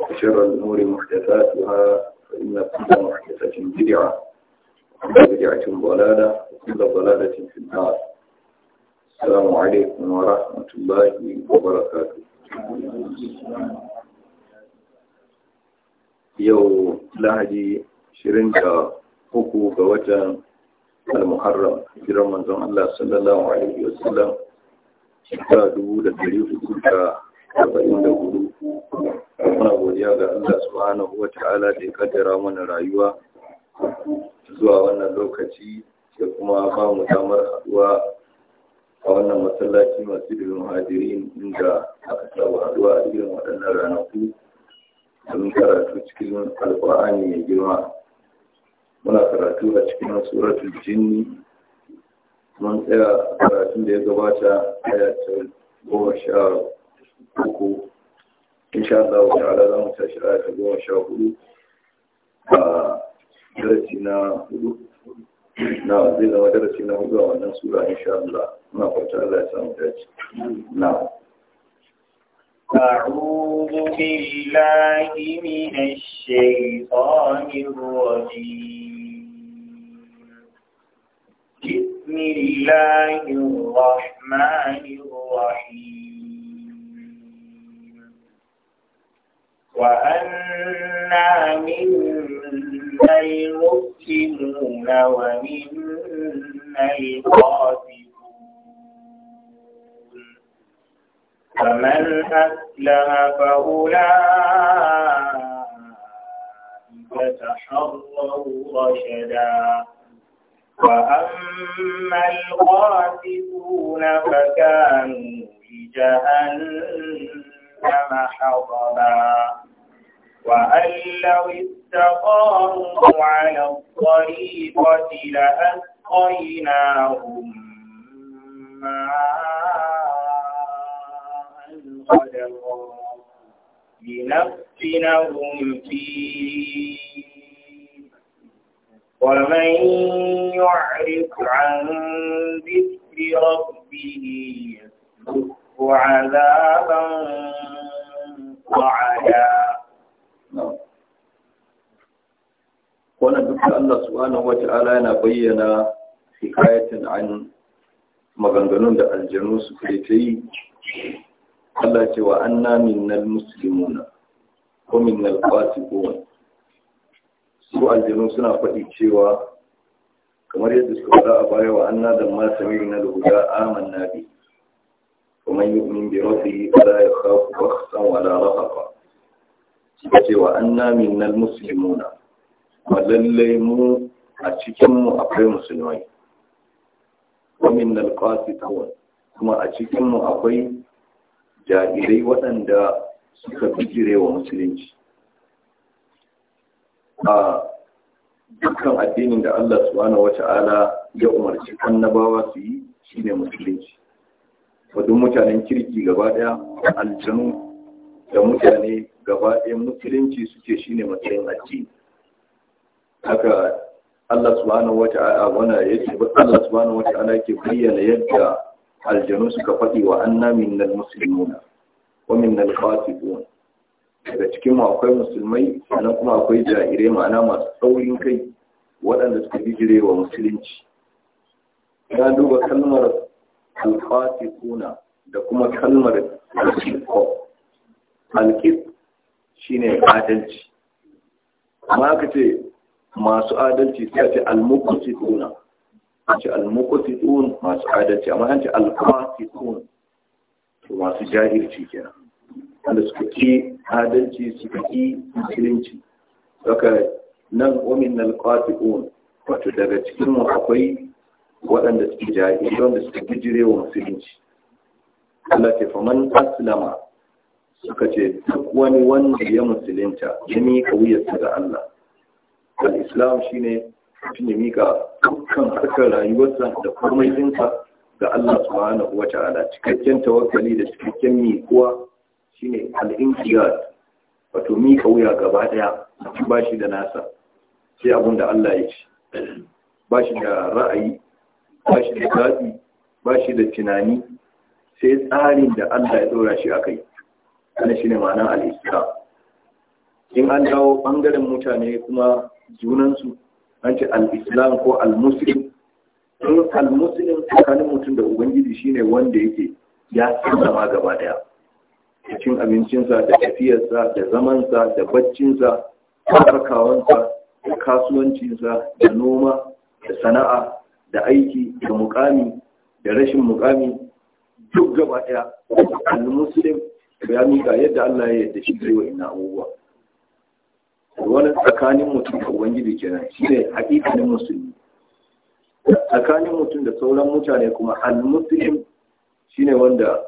وشر الأمور محدثاتها فإن كل محدثة بدعة وكل بدعة ضلالة وكل ضلالة في النار السلام عليكم ورحمة الله وبركاته يو لهجي شرنجا حكو فوجا المحرم في رمضان الله صلى الله عليه وسلم كتابه لدريف الكتاب arba'in da hudu muna godiya ga Allah subhanahu wa ta'ala da ya kaddara mana rayuwa zuwa wannan lokaci da kuma ba mu damar haɗuwa a wannan masallaci masu da hadirin inda aka saba haɗuwa a irin waɗannan ranaku domin karatu cikin alƙur'ani mai girma muna karatu a cikin suratul jinni mun tsaya karatun da ya gabata a goma sha uku insha Allah ta'ala za mu tashi aya ta goma sha hudu a darasi na hudu na zai zama darasi na hudu a wannan sura insha Allah muna fata Allah ya samu dace na أعوذ بالله من الشيطان الرجيم بسم الله الرحمن الرحيم وأنا منا المسلمون ومنا القاسطون فمن أسلم فأولئك تحروا رشدا وأما القاسطون فكانوا لجهنم حطبا وأن لو استقاموا على الطريقة لأسقيناهم ماء غدقا لنفتنهم فيه ومن يعرف عن ذكر ربه يسلكه عذابا صعدا wannan duk Allah subhanahu wa ta'ala yana bayyana hikayatin an maganganun da aljanu su kai ta yi Allah ce wa anna minnal muslimuna ko minnal fasiqun su aljanu suna faɗi cewa kamar yadda suka faɗa a baya wa anna da ma sami'na da huda amanna bi ومن يؤمن بربه فلا يخاف بخسا ولا رهقا suka ce wa anna minnal muslimuna lallai mu a cikinmu akwai musulmai wa minnal qasitun kuma a cikinmu akwai jahilai waɗanda suka bijire wa musulunci a dukkan addinin da Allah subhanahu wata'ala ya umarci annabawa su yi shine musulunci wadun mutanen kirki gaba daya aljanu da mutane gaba ɗaya musulunci suke shine matsayin addini haka Allah subhanahu ta'ala wana yake Allah subhanahu ta'ala yake bayyana yadda aljanu suka faɗi wa anna minnal muslimuna wa minnal qatibun daga cikin mu akwai musulmai sannan kuma akwai jahire ma'ana masu saurin kai waɗanda suka bijire wa musulunci ya duba kalmar alfatikuna da kuma kalmar alkifo alkifo shine adalci amma aka ce masu adalci sai a ce al-muqsituna a ce al-muqsitun masu adalci amma an ce al-qasitun to masu jahilci kenan wanda suka ki adalci suka ki musulunci saka nan wamin al-qasitun wato daga cikin mu akwai waɗanda suke jahilci wanda suka gijire wa musulunci Allah ce faman aslama suka ce duk wani wanda ya musulunta ya mika wuyarsa ga Allah al-islam shine shi ne miƙa dukkan harkar rayuwarsa da komai ga Allah subhanahu wa ta'ala cikakken tawakkali da cikakken mikuwa shine al-inqiyad wato mika wuya gaba ɗaya ba shi da nasa sai abin da Allah ya ce ba shi da ra'ayi ba shi da zaɓi ba shi da tunani sai tsarin da Allah ya ɗora shi a kai shi shine ma'anar al-islam in an dawo ɓangaren mutane kuma junansu an ce al-islam ko al-muslim in al-muslim tsakanin mutum da ubangiji shine wanda yake ya zama gaba daya da cin abincinsa da tafiyarsa da zamansa da baccinsa da farkawansa da kasuwancinsa da noma da sana'a da aiki da mukami da rashin mukami duk gaba daya al-muslim ya ga yadda Allah ya yadda shi zai wa ina abubuwa wani tsakanin mutum da ubangiji kenan shi ne haƙiƙanin musulmi tsakanin mutum da sauran mutane kuma al-muslim shi ne wanda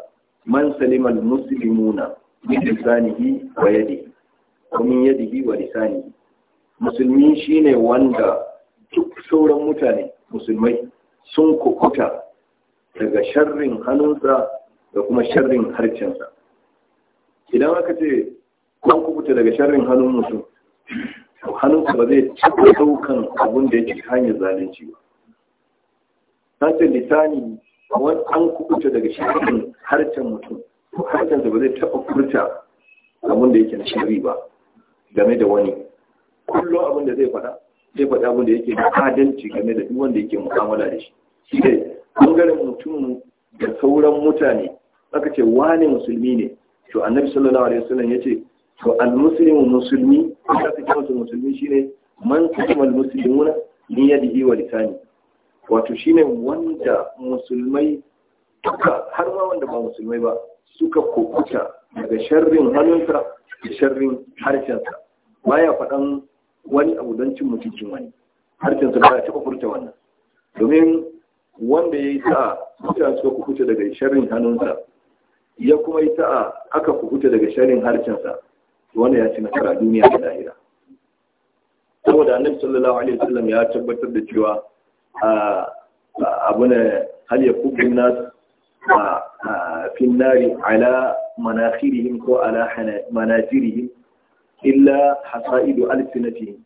man salima al-muslimuna min lisanihi wa yadihi wa min yadihi wa lisanihi musulmi shi ne wanda duk sauran mutane musulmai sun kukuta daga sharrin hannunsa da kuma sharrin harcinsa idan aka ce kun kubuta daga sharrin hannun mutum ku ba zai cika ɗaukan abin da yake hanyar zalunci ba ta ce litani wani an kubuta daga sharrin harcen mutum da ba zai taɓa furta abin da yake na shari ba game da wani kullum abin da zai faɗa zai faɗa abin da yake na adalci game da duk wanda yake mu'amala da shi shi dai ɓangaren mutum da sauran mutane aka ce wane musulmi ne to annabi sallallahu alaihi wasallam yace to al-muslimu musulmi ka fi kansa musulmi shine man kuma al-muslimuna ni yadihi wa lisani wato shine wanda musulmai duka har ma wanda ba musulmai ba suka kokuta daga sharrin hannunsa da sharrin harshensa baya faɗan wani abu don cin mutuncin wani harshensa ya taɓa furta wannan domin wanda ya yi sa mutane suka kukuta daga sharrin hannunsa ya kuma yi sa'a aka kuhuta daga sharin harcinsa wanda ya ci nasara duniya da lahira saboda annabi sallallahu alaihi wasallam ya tabbatar da cewa abu ne hal ya kubin nas fin nari ala manakhirihim ko ala manajirihim illa hasaidu alfinati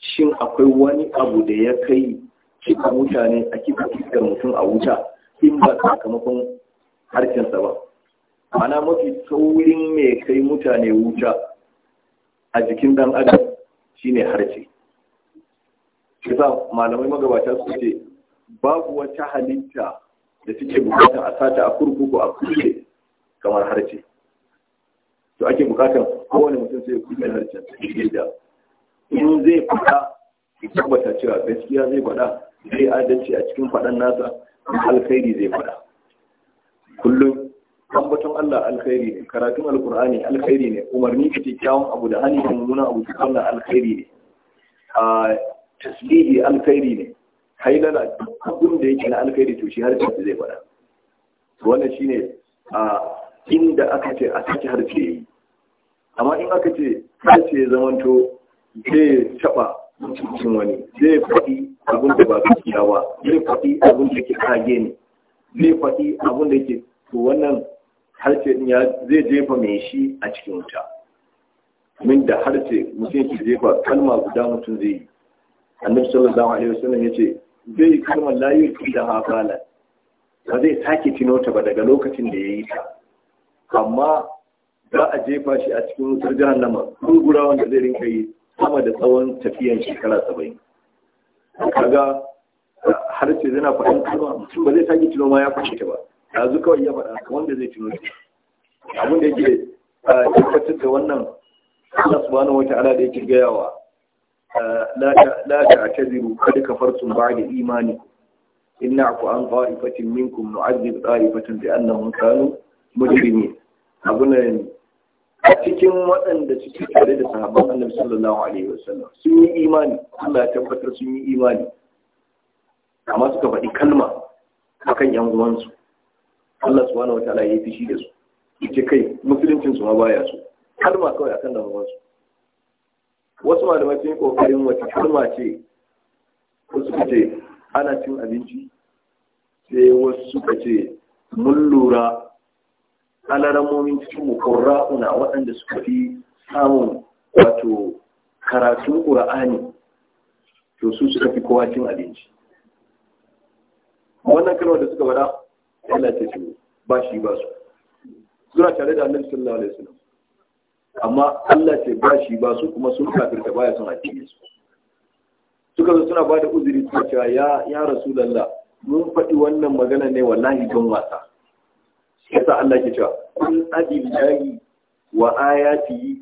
shin akwai wani abu da ya kai kika mutane a kika kiskar mutum a wuta in ba sakamakon harkinsa ba ana mafi saurin mai kai mutane wuta a jikin dan adam shine harce kisa malamai magabata su ce babu wata halitta da suke bukata a sata a kurkuku a kulle kamar harce to ake bukatar kowane mutum sai ya kulle harcen da in zai fada tabbata cewa gaskiya zai faɗa zai adalci a cikin faɗan nasa alkhairi zai fada kullum ambaton Allah alkhairi ne karatun alkur'ani alkhairi ne umarni da kyawun abu da hani da mummunan abu da wannan alkhairi ne a tasbihi alkhairi ne hailala abin da yake na alkhairi to shi harfi zai fada wannan shine a inda aka ce a saki yi. amma in aka ce ya zamanto zai taba cikin wani zai faɗi abin da ba su kiyawa zai faɗi abin da ke kage ne zai faɗi abin da ke to wannan harce ya zai jefa mai shi a cikin wuta min da harce mutum ke jefa kalma guda mutum zai yi annabi sallallahu alaihi wasallam yace zai yi kalmar la yuki da hafala ba zai sake tino ta ba daga lokacin da ya yi ta amma za a jefa shi a cikin wutar jahannama gurgura wanda zai rinka yi sama da tsawon tafiyan shekara saba'in kaga harce zana faɗin kalma mutum ba zai sake tino ma ya fashe ta ba yanzu kawai ya faɗa kamar wanda zai tuno abin da yake tabbatar da wannan Allah subhanahu wa da yake gayawa la ka farsu ba da imani inna ku an ta'ifatin minkum nu'adhib ta'ifatan bi annahum kanu mujrimin abin da cikin waɗanda suke tare da sahabban annabi sallallahu alaihi wasallam sun yi imani Allah ya tabbatar sun yi imani amma suka faɗi kalma akan yan uwansu Allah subhanahu wataala ya yi fishi da su yace kai musuluncin su ma baya su kalma kawai akan da ba wasu malamai sun yi kokarin wata kalma ce wasu ka ce ana cin abinci sai wasu suka ce mun lura alaramomin cikin mu qurra'una waɗanda suka fi samun wato karatun ƙura'ani to su suka fi kowa cin abinci wannan kalmar da suka faɗa Allah ce ba shi ba su suna tare da annabi sallallahu alaihi wasallam amma Allah ce ba shi ba su kuma sun kafirta baya son addini su suka zo suna bada uzuri suka ce ya ya rasulullah mun faɗi wannan magana ne wallahi don wasa yasa Allah ke cewa kun abillahi wa ayatihi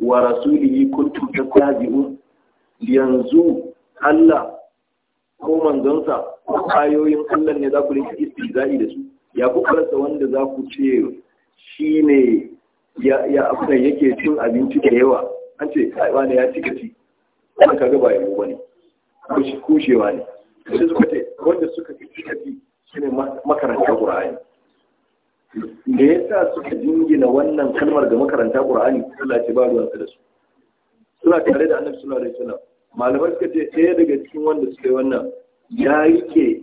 wa rasulihi kuntum tattabi'un yanzu Allah ko manzonsa ayoyin Allah ne za ku rinka istizai da su ya ku karasa wanda za ku ce shi ne ya ya yake cin abinci da yawa an ce kaiwa ne ya cika ci wannan kaga ba yabo bane kushewa ne sai suka ce wanda suka ci cika ci shine makaranta Qur'ani da yasa suka jingina wannan kalmar ga makaranta Qur'ani Allah ce ba ruwan da su suna tare da Annabi sallallahu alaihi wasallam malamai suka ce ɗaya daga cikin wanda suka yi wannan ya rike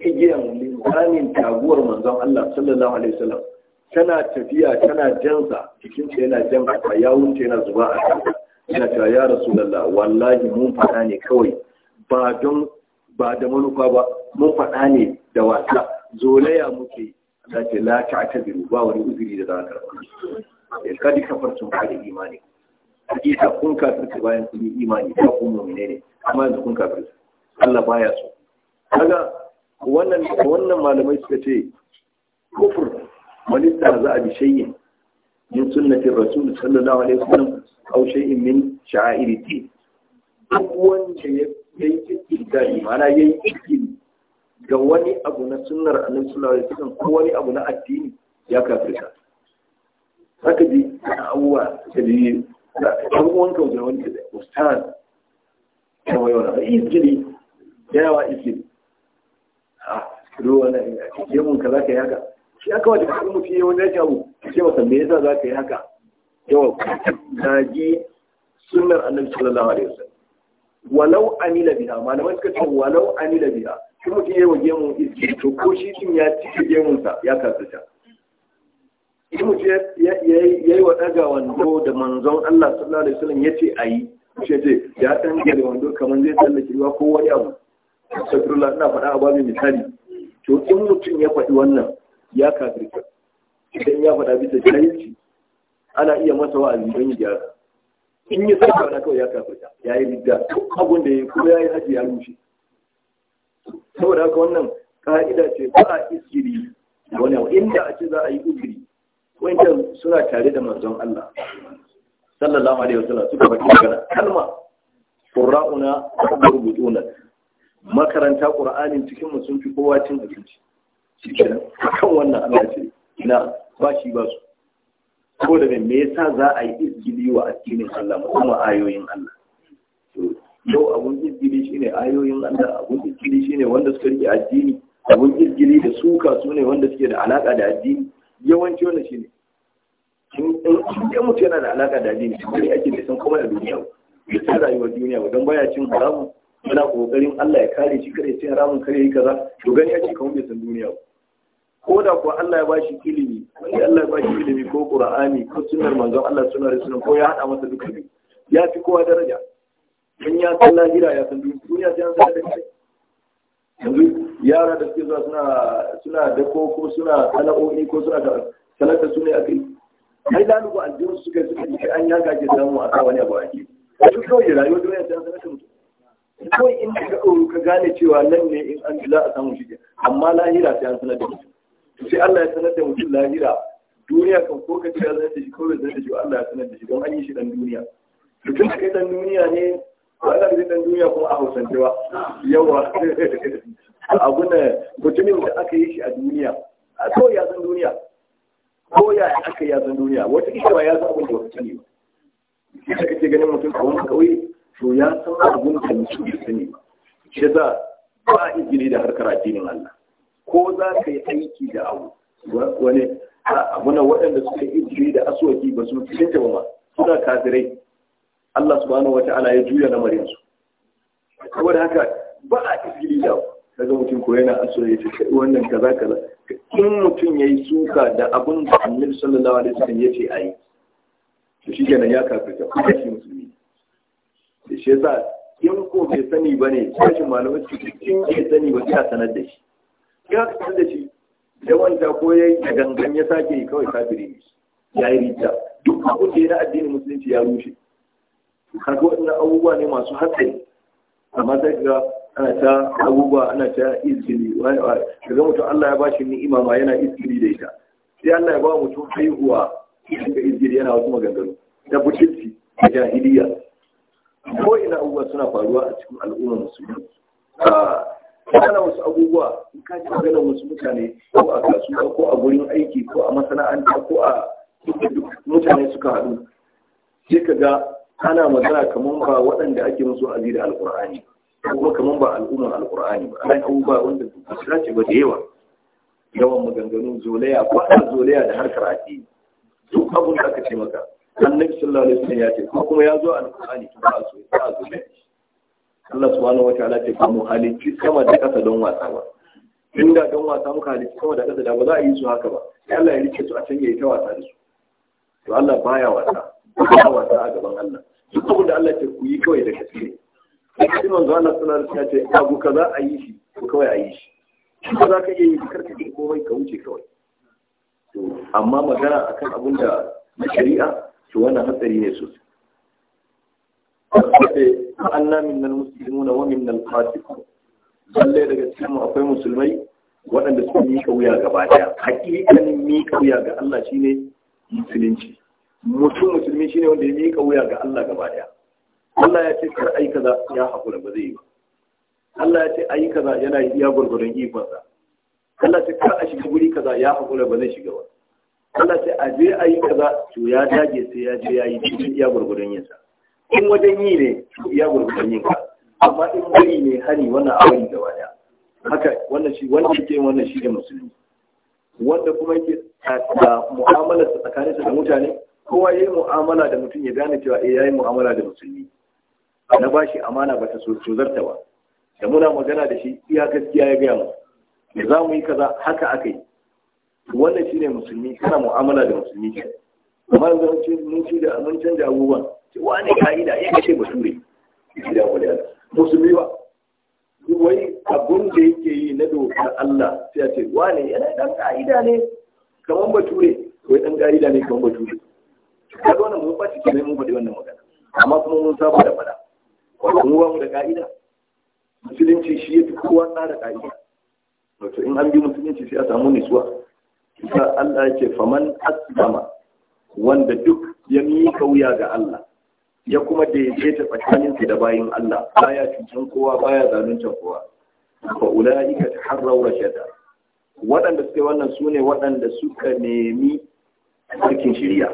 igiyan linzamin taguwar manzon Allah sallallahu alaihi wasallam tana tafiya tana jansa jikinsa yana jan kafa yawunta yana zuba a kan yana cewa ya rasulullah wallahi mun faɗa ne kawai ba don ba da manufa ba mun faɗa ne da wasa zolaya muke za ce la ta ta biru ba wani uzuri da za ka karɓa ya kadi kafar sun fara imani hakika kun kafirta bayan sun yi imani ta kun mu'mine ne amma yanzu kun kafirta Allah baya so kaga wannan wannan malamai suka ce kufur wani za a bi shayyin min sunnati rasul sallallahu alaihi wasallam aw shay'in min sha'airi ti duk wanda ya yi cikin mana ya yi cikin ga wani abu na sunnar annabi sallallahu alaihi wasallam ko wani abu na addini ya kafirta haka ji abubuwa da ji abubuwan kawai wani da ustaz kawai wani izgili da yawa ike a ah, ruwa na ina ke mun ka za ka yi haka shi aka wata kuma mutum yi wani abu ce masa me yasa za ka yi haka yawa zagi sunnar annabi sallallahu alaihi wasallam walau amila biha malamai suka ce walau amila biha shi mutum yi wa gemun iske to ko shi din ya cike gemunsa ya kasance shi mutum ya yi wa ɗaga wando da manzon Allah sallallahu alaihi wasallam ya ce a yi shi ce ya ɗan da wando kamar zai tsallake ruwa ko wani abu astaghfirullah ina faɗa a babin misali to in mutum ya faɗi wannan ya kafirta idan ya faɗa bisa jahilci ana iya masa wa don ya gyara in yi sai faɗa kawai ya kafirta ya yi ridda duk abin da ya yi ko ya yi haji ya rushe saboda haka wannan ka'ida ce ba a iskiri da wani abu inda a ce za a yi uzuri wancan suna tare da manzon Allah sallallahu alaihi wasallam suka faɗi magana kalma qurra'una rubutuna makaranta ƙura'ani cikin mu sun fi kowa cin abinci cikin kan wannan Allah ce na ba shi ba su ko da me yasa za a yi izgili wa addinin Allah musamman ayoyin Allah yau abun izgili ne ayoyin Allah abun izgili ne wanda suka rike addini abun izgili da suka su ne wanda suke da alaƙa da addini yawanci wannan shine in in mutu yana da alaƙa da addini shi ake da san kuma da duniya ya sa rayuwar duniya ba don baya cin haramu? yana kokarin Allah ya kare shi kare sai haramun kare yi kaza to gani ake kawun bai san duniya ko da kuwa Allah ya bashi ilimi wani Allah ya bashi ilimi ko Qur'ani ko sunnar manzon Allah suna da sunan ko ya hada masa duka ya fi kowa daraja in ya san lahira ya san duniya sai an san da shi yanzu yara da suke zuwa suna suna da ko ko suna sana'o'i ko suna da sanata su ne akai ai lalubu, lugu aljihun suka suka yi an ya gaje samu a kawani wani abu a ke kawai rayuwa duniya sai an kawai in ka ka gane cewa nan ne in an za a samu shi amma lahira sai an sanar da mutum to sai Allah ya sanar da mutum lahira duniya kan ko ka ce ya sanar da shi kawai sanar da shi Allah ya sanar da shi don an yi shi dan duniya to tun kai dan duniya ne wanda da dan duniya kuma a hausance ba yawa abu ne mutumin da aka yi shi a duniya a so ya san duniya ko ya aka ya san duniya wata kisa ba ya san abin da wata ne ba kisa kake ganin mutum a wani kauye to ya san abin da mutum ya sani ba shi za ba izini da harkar addinin Allah ko za ka yi aiki da abu wani abuna waɗanda suka yi izini da aswaki ba su cikin ba suna kafirai Allah subhanahu wata'ala ya juya lamarin su saboda haka ba a izini da abu kaga mutum ko yana aswaki ya ce wannan kaza kaza in mutum ya yi suka da abin da Annabi sallallahu alaihi wasallam ya ce ayi to shi kenan ya kafirta ko shi musulmi da shi yasa in ko bai sani ba ne shi malamai su in bai sani ba sai sanar da shi in sanar da shi da wanda ko ya yi gangan ya sake yi kawai kafiri ne ya yi rita duk abin da ya na addinin musulunci ya rushe kaga waɗannan abubuwa ne masu hatsari amma sai ga ana ta abubuwa ana ta izgili kaga mutum Allah ya bashi ni'ima ma yana izini da ita sai Allah ya ba mutum haihuwa ga izini yana wasu maganganu da bucinci da jahiliya ko ina abubuwa suna faruwa a cikin al'ummar musulmi kana ah, wasu abubuwa in ka ji magana wasu mutane ko a kasuwa ko a gurin aiki ko a masana'anta ko a mutane suka haɗu sai ka ga ana magana kamar ba waɗanda ake musu azi da alƙur'ani kuma kamar ba al'ummar alƙur'ani ba ana abubuwa wanda ba su dace ba da yawa yawan maganganu zolaya ko ana zolaya da harkar addini duk abin da aka ce maka annabi sallallahu alaihi wasallam ya ce ko kuma ya zo a alqur'ani to ba su ba su ne Allah subhanahu wataala ce ba mu halicci sama da kasa don wasa ba inda don wasa muka halicci sama da kasa da ba za a yi su haka ba sai Allah ya rike su a can ya yi ta wasa da su to Allah baya wasa ba wasa a gaban Allah duk abin da Allah ce ku yi kawai da gaske sai zuwa Allah sallallahu alaihi wasallam ya ce abu kaza a yi shi ko kawai a yi shi ko za ka iya yi karka komai ka wuce kawai To amma magana akan abin da na shari'a to wannan hatsari ne sosai namin nan Musulmi na wa nan fasiqun zalle daga cikin akwai musulmai waɗanda suka mika wuya gaba daya hakikanin mika wuya ga Allah shine musulunci mutum musulmi shine wanda ya mika wuya ga Allah gaba daya Allah ya ce kar ai kaza ya hakura ba zai yi ba Allah ya ce ai kaza yana iya gurgurun ikonsa Allah ya ce kar a shiga guri kaza ya hakura ba zai shiga ba Allah ce a je a yi kaza to ya dage sai ya je ya yi cikin iya gurgurun yinsa in wajen yi ne iya gurgurun yin ka amma in wani ne hani wannan abin gaba waya haka wannan shi wannan shi wannan shi ne musulmi wanda kuma yake da mu'amala tsakanin da mutane kowa yayi mu'amala da mutum ya gane cewa eh yayi mu'amala da musulmi na bashi amana bata so zarta ba da muna magana da shi iya gaskiya ya gaya mu Me za mu yi kaza haka aka yi wannan shine musulmi kana mu'amala da musulmi ke amma yanzu mun ci da mun canja abubuwan ce wani ka'ida ya kace bature da wani musulmi ba wai abun da yake yi na dokar Allah sai a ce wani yana dan ka'ida ne kaman bature wai dan ka'ida ne kaman bature zo na mu ba cikin mun faɗi wannan magana amma kuma mun saba da fada mu ba mu da ka'ida musulunci shi ya fi kowa tsara ka'ida wato in an bi musulunci sai a samu nutsuwa sai Allah ya ce faman asbama, wanda duk ya mika wuya ga Allah ya kuma daidaita tsakanin da bayin Allah baya cutan kowa baya zalunta kowa fa ulaika taharraw rashada waɗanda suke wannan sune waɗanda suka nemi sarkin shari'a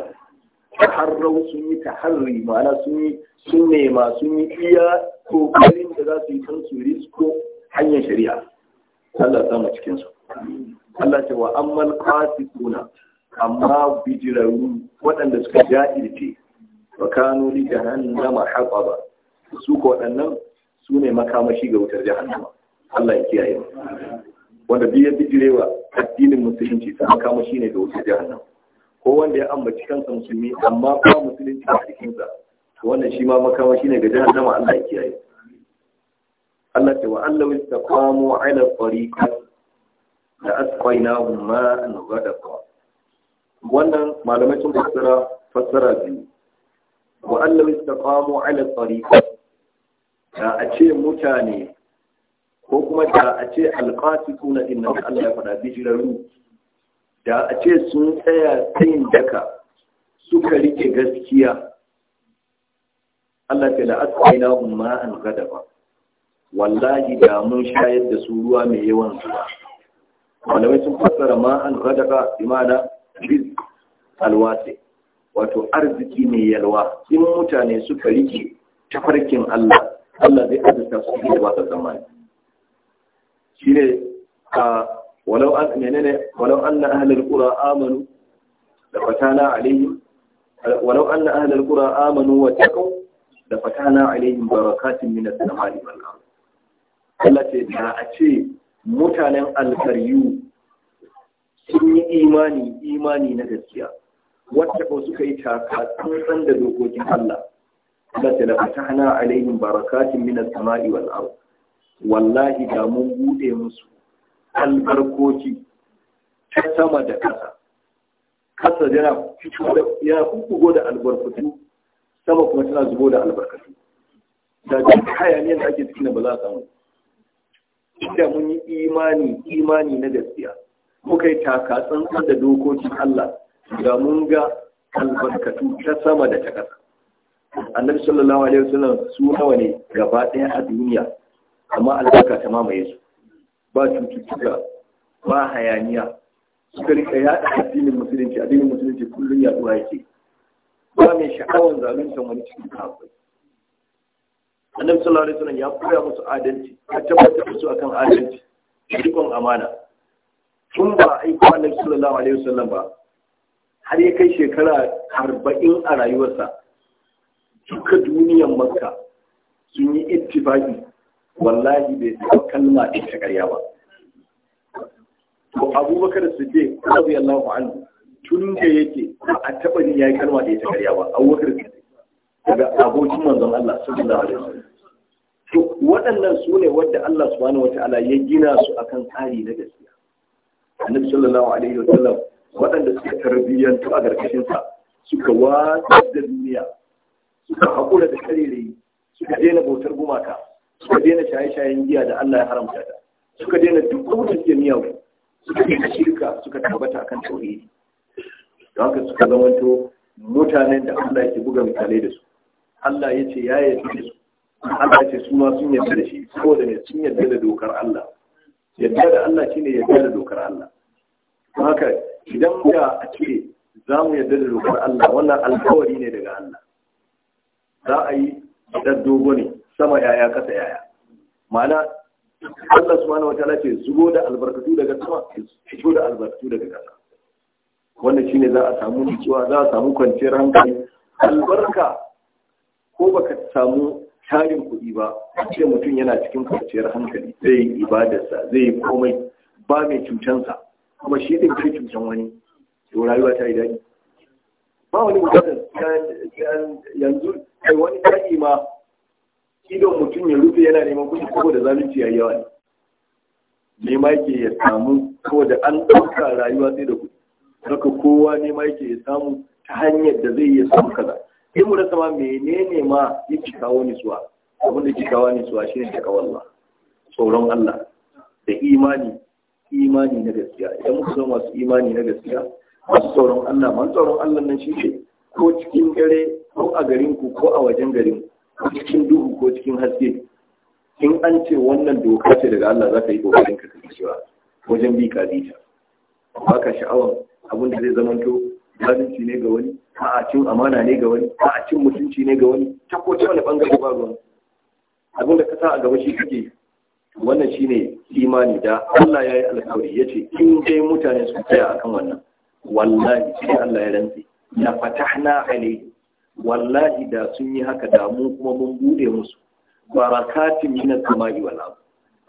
taharraw sun yi taharri ma'ana sun yi sun nema sun yi iya kokarin da za su yi risko hanyar shari'a Allah ya sa mu cikin su Allah ce wa kwasi qasituna amma bijiraru waɗanda suka jahilce wa kanu li jahannama ba su ko waɗannan su ne makamashi ga wutar jahannama Allah ya kiyaye mu wanda biyar bijirewa addinin musulunci ta makamashi ne ga wutar jahannama ko wanda ya ambaci kansa musulmi amma ba musulunci a cikinsa to wannan shi ma makamashi ne ga jahannama Allah ya kiyaye Allah ce wa Allah wista kwamo ala tariqati da asqaina ma'an ghadaqa wannan malamai sun fassara fassara biyu wa allam istaqamu ala tariqa da a ce mutane ko kuma da a ce alqasituna inna Allah ya fada bijiraru da a ce sun tsaya tsayin daka suka rike gaskiya Allah ta an ma'an ghadaqa wallahi da mun shayar da su ruwa mai yawan zuwa malamai sun fassara ma an radaka imana rizq alwasi wato arziki mai yalwa in mutane suka rike tafarkin Allah Allah zai azurta su da ba ta zamani shine a walau an menene walau anna ahlul qura amanu da fatana alaihim walau anna ahlul qura amanu wa taqaw da fatana alaihim barakatun minas samai wal ardh Allah ce da a ce mutanen alkaryu sun yi imani imani na gaskiya wacce ba suka yi taka tsantsan da dokokin Allah da ta lafa hana alaihim barakatin min as-sama'i wal ard wallahi da mun bude musu albarkoci ta sama da ƙasa ƙasa yana fito da da albarkatu sama kuma tana zubo da albarkatu da duk hayaniyar da ake cikin da ba za a samu inda mun yi imani imani na gaskiya muka yi takatsan da dokokin Allah da mun ga albarkatu ta sama da ta ƙasa annabi sallallahu alaihi wasallam su nawa ne gaba ɗaya a duniya amma albarka ta mamaye su ba cututtuka ba hayaniya suka rika yaɗa addinin musulunci addinin musulunci kullum yaɗuwa yake ba mai sha'awar zalunta wani cikin kafin. annabi sallallahu alaihi wasallam ya koya musu adalci ya tabbatar musu akan adalci cikin amana tun ba aiko annabi sallallahu alaihi wasallam ba har ya kai shekara arba'in a rayuwarsa duka duniyar makka sun yi ittifaki wallahi bai taɓa kalma ɗin ta ƙarya ba ko abubakar siddiq radiyallahu anhu tun da yake a taɓa ya yi kalma da ya ta ƙarya ba abubakar siddiq daga abokin manzon Allah sallallahu alaihi wasallam to waɗannan su ne wadda Allah subhanahu wa ta'ala ya gina su akan tsari na gaskiya annabi sallallahu alaihi sallam waɗanda suka tarbiyyantu a garkashin sa suka wasa da duniya suka haƙura da karerai suka daina bautar gumaka suka daina shaye-shayen giya da Allah ya haramta ta suka daina duk abubuwan da miyawu suka daina shirka suka tabbata akan tauhidi don haka suka zamanto mutanen da Allah ke buga misalai da su Allah ya ce ya yi su Allah ce su ma sun da shi saboda ne sun yadda da dokar Allah Yadda da Allah ne yadda da dokar Allah haka idan da a ce za mu yadda da dokar Allah wannan alkawari ne daga Allah za a yi dan dogo ne sama yaya kasa yaya ma'ana Allah subhanahu wataala ce zubo da albarkatu daga sama fito da albarkatu daga kasa wannan shine za a samu nutsuwa za a samu kwanciyar hankali albarka ko baka samu tarin kuɗi ba ce mutum yana cikin kwanciyar hankali zai yi ibadarsa zai yi komai ba mai cutansa kuma shi ne kai cutan wani to rayuwa ta yi daɗi ba wani mutum yanzu kai wani ɗari ma idon mutum ya rufe yana neman kuɗi saboda zalunci yi yawa ne nema yake ya samu saboda an ɗauka rayuwa sai da kuɗi haka kowa nema yake ya samu ta hanyar da zai iya samu kaza sai mu rasa ma menene ma yake kawo nisuwa abin da ke kawo nisuwa shine kawo wallah tsoron Allah da imani imani na gaskiya idan muka zama masu imani na gaskiya masu tsoron Allah masu tsoron Allah nan shi ne ko cikin gare ko a garin ku ko a wajen garin ko cikin duhu ko cikin haske in an ce wannan doka ce daga Allah za ka yi kokarin ka kashewa wajen bi ka ta baka sha'awar abin da zai zamanto zalunci ne ga wani cin amana ne ga wani a cin mutunci ne ga wani ta ko ta wani bangare ba ruwan abin da ka sa a gaba shi kake wannan shine imani da Allah ya yi alkawari ya ce in dai mutane su tsaya akan wannan wallahi sai Allah ya rantse la fatahna alayhi wallahi da sun yi haka da mu kuma mun bude musu barakatin min samai wal ard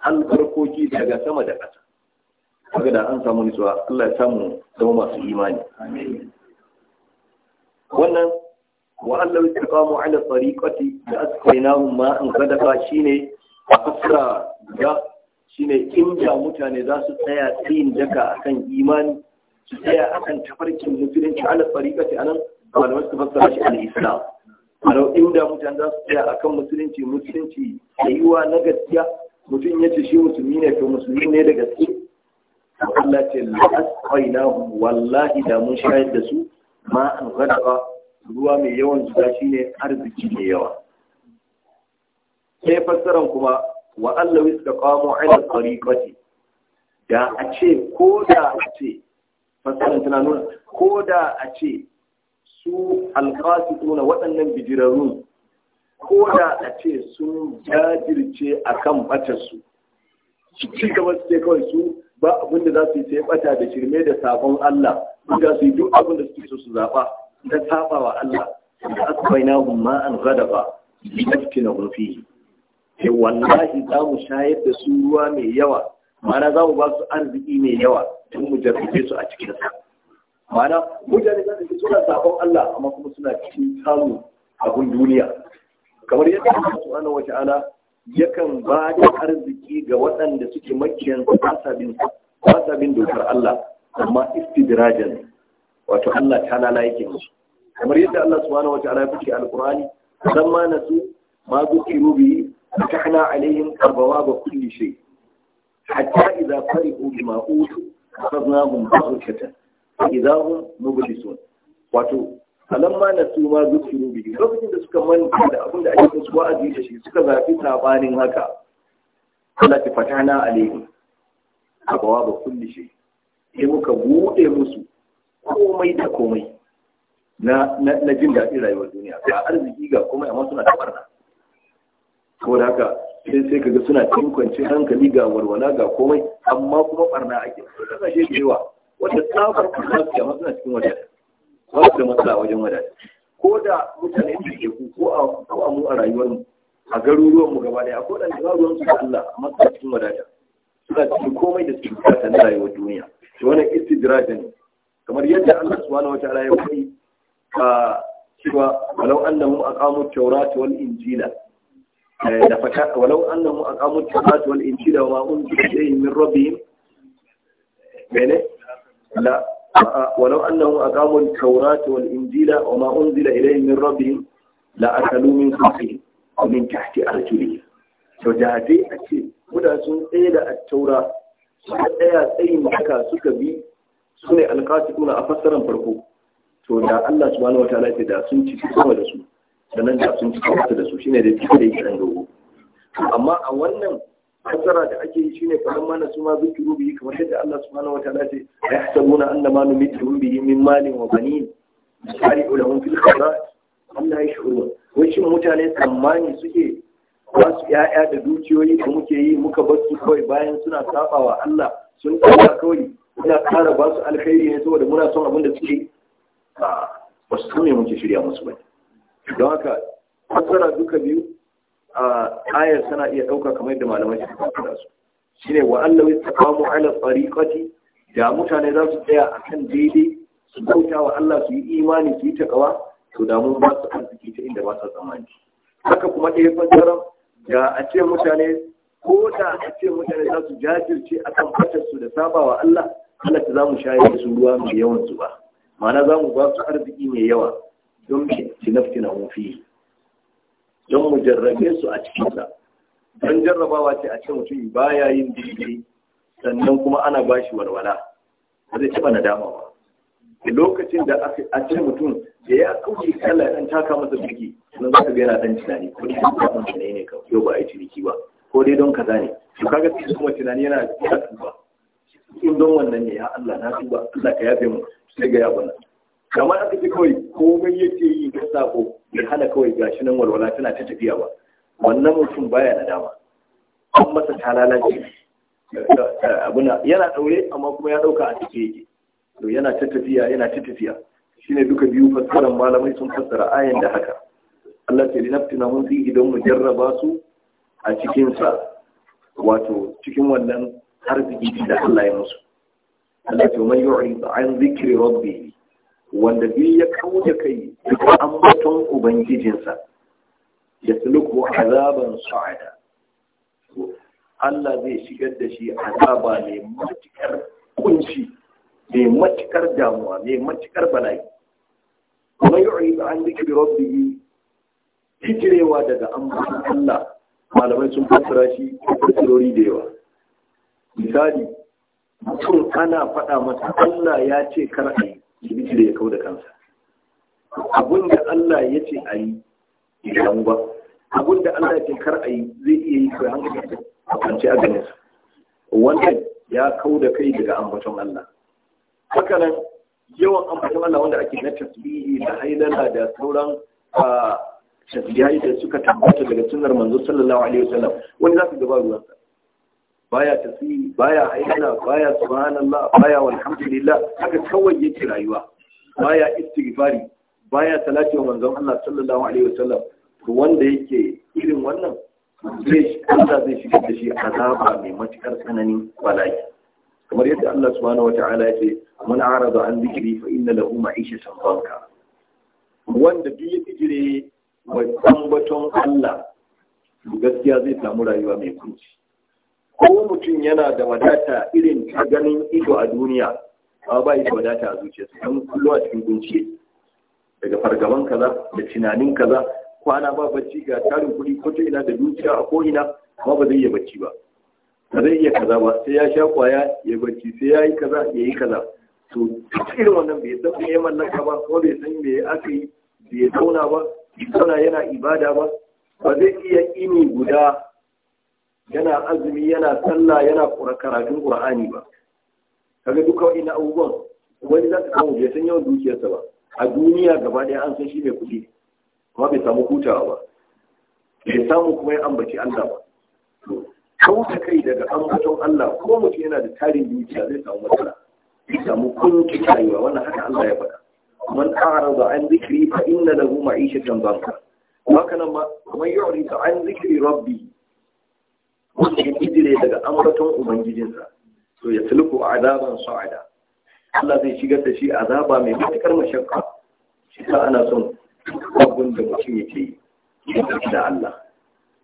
albarkoki daga sama da ƙasa kaga da an samu nutsuwa Allah ya samu zama masu imani amin wannan wa Allah ya kamu ala tariqati da askainahu ma an sadaka shine a fasara shi ne inda mutane za su tsaya tsayin daka akan imani su tsaya akan tafarkin musulunci ala tariqati anan malamai su fassara shi al-islam alau inda mutane za su tsaya akan musulunci musulunci tsayuwa na gaskiya mutum ya ce shi musulmi ne to musulmi ne da gaske Allah ce la'asqainahum wallahi da mun shayar da su ma an ruwa mai yawan zuba shine arziki mai yawa sai fassaran kuma wa Allah wiska qamo ala tariqati da a ce ko da a ce fassaran tana nuna ko da a ce su alqasituna waɗannan bijirarun ko da a ce sun jajirce a akan batarsu ci gaba su ce kawai su ba abinda za su yi sai bata da shirme da sabon Allah da su yi duk abin da suke so su zaɓa na saba wa Allah da asbaina hum ma'an ghadaba yaftina hum gurfi sai wallahi za mu shayar da su ruwa mai yawa mana za mu ba su arziki mai yawa tun mu jarfe su a cikin sa mana mutane za su suna sabon Allah amma kuma suna cikin samun abun duniya kamar yadda Allah subhanahu wata'ala yakan ba da arziki ga waɗanda suke makiyan ba sa bin dokar Allah amma istidrajan wato Allah ta lala yake musu kamar yadda Allah subhanahu wataala ya fice alqur'ani zamma nasu ma zukiru bi fatahna alaihim ba kulli shay hatta idza farihu bima utu akhadnahum baghtatan idza hum mublisun wato alamma nasu ma zukiru bi lokacin da suka manta da abin da ake musu wa'azi da shi suka zafi sabanin haka Allah ta fatahna alaihim ba kulli shay sai muka buɗe musu komai da komai na jin daɗi rayuwar duniya ga arziki ga komai amma suna da barna ko da haka sai sai kaga suna cikin kwanciyar hankali ga walwala ga komai amma kuma barna ake kasashe da yawa wata tsabar barna su amma suna cikin wadata ba su da matsala wajen wadata ko da mutane da ke ku ko a mu a rayuwar mu a garuruwan mu gaba daya ko da ba ruwan su da Allah amma suna cikin wadata suna cikin komai da suke bukata na rayuwar duniya to wannan istidraja ne kamar yadda Allah subhanahu wataala ya faɗi a cewa walau annahum aqamu tawrat wal injila da fata walau annahum aqamu tawrat wal injila wa unzila ilayhim min rabbihim bene la ولو أنهم أقاموا التوراة والإنجيل وما أنزل إليهم من ربهم لأكلوا من فوقهم ومن تحت أرجلهم. فجاء في أكيد guda sun tsaye da attaura suka tsaya tsayin daka suka bi su ne alƙasituna a fassarar farko to da Allah subhanahu wataala ya da sun ci sama da su sannan da sun ci sama da su shine da take da kan dogo amma a wannan fassara da ake yi shine fa mana su ma zikiru bi kamar yadda Allah subhanahu wataala ya ce yahsabuna annama numituhum bihi min malin wa banin sari'u lahum fil khairat Allah ya shukuru wai shin mutane tsammani suke ba su ƴaƴa da dukiyoyi da muke yi muka ba su kawai bayan suna sabawa Allah sun tsaya kawai suna ƙara ba su alkhairi ne saboda muna son abin da suke ba su kame muke shirya musu ba don haka fassara duka biyu a ayar tana iya ɗauka kamar yadda malamai suka fassara su shine wa Allah ya taqamu ala tariqati da mutane za su tsaya akan daidai su bauta wa Allah su yi imani su yi takawa to da mun ba su arziki ta inda ba su tsammani haka kuma ɗaya fassara ga a ce mutane ko da a ce mutane za su jajirce a kan fatarsu da sabawa Allah Allah ta za mu shayar da su ruwa mai yawan zuba ma'ana za mu ba su arziki mai yawa don na hufi don mu jarrabe su a cikinsa don jarrabawa ce a ce mutum baya yin daidai sannan kuma ana ba shi walwala ba zai taɓa nadama ba lokacin da a ce mutum da ya kauce kala dan taka masa biki nan ka ga yana dan tunani ko ne kuma tunani ne kawai yau ba yi ciniki ba ko dai don kaza ne to kaga cikin kuma tunani yana ya tuba in don wannan ne ya Allah na tuba Allah ka yafe mu sai ga ya bana kamar aka ce kawai komai yake yi ga sako ya hana kawai gashi nan walwala tana ta tafiya ba wannan mutum baya da dama an masa talalaci abuna yana daure amma kuma ya dauka a cikin yake to yana ta tafiya yana ta tafiya shine duka biyu fassaran malamai sun fassara ayan da haka Allah ta yi naftina mun fi idan mu jarraba su a cikinsa. wato cikin wannan arziki da Allah ya musu Allah ta man yu'rid an zikri rabbi wanda bi ya kauce kai daga ambaton ubangijinsa ya suluku azaban sa'ada Allah zai shigar da shi azaba ne matukar kunci mai matukar damuwa mai matukar bala'i kuma yi da an zikiri rabbi hijirewa daga ambatan Allah malamai sun fassara shi fassarori da yawa misali mutum ana faɗa masa Allah ya ce kar a yi shi bijire ya kau da kansa abin da Allah ya ce a yi idan ba abin da Allah ya ce kar a yi zai iya yi kai hankali a kwanci a ganin sa wannan ya kau da kai daga ambaton Allah hakanan yawan amfani Allah wanda ake na tasbihi da haidala da sauran tasbihai da suka tabbata daga sunnar manzo sallallahu alaihi wasallam wani za su gaba ruwansa baya tasbihi baya haidala baya subhanallah baya walhamdulillah haka kawai yake rayuwa baya istighfari baya salati wa manzon Allah sallallahu alaihi wasallam to wanda yake irin wannan zai Allah zai shigar da shi azaba mai matukar tsananin bala'i kamar yadda Allah subhanahu ta'ala ya ce man arada an zikri fa inna lahu ma'isha sanfaka wanda duk ya tijire mai ambaton Allah gaskiya zai samu rayuwa mai kunci ko mutum yana da wadata irin ta ganin ido a duniya amma ba da wadata a zuciyarsa don kullum a cikin kunci daga fargaban kaza da tunanin kaza kwana ba bacci ga tarin kuɗi ko ta ina da dukiya a ko ina amma ba zai iya bacci ba ba zai iya kaza ba sai ya sha kwaya ya barci, sai ya yi kaza ya yi kaza to irin wannan bai san me ya mallaka ba ko bai san me aka yi bai zauna ba zauna yana ibada ba ba zai iya ini guda yana azumi yana sallah yana karatun qur'ani ba kaga duka ina abubuwan wani za ka kawo bai san yawan dukiyarsa ba a duniya gaba ɗaya an san shi mai kuɗi kuma bai samu hutawa ba bai samu kuma ya ambaci Allah ba kauta kai daga ambaton Allah ko mutum yana da tarin zuciya zai samu matsala zai samu kunci rayuwa wannan haka Allah ya faɗa man a'rada an zikri fa inna lahu ma'ishatan banka haka nan ma man yu'rida an zikri rabbi wanda ya kidire daga ambaton ubangijinsa to ya tulku azaban sa'ada Allah zai shigar da shi azaba mai matukar mashakka shi ana son abin da mutum yake yi da Allah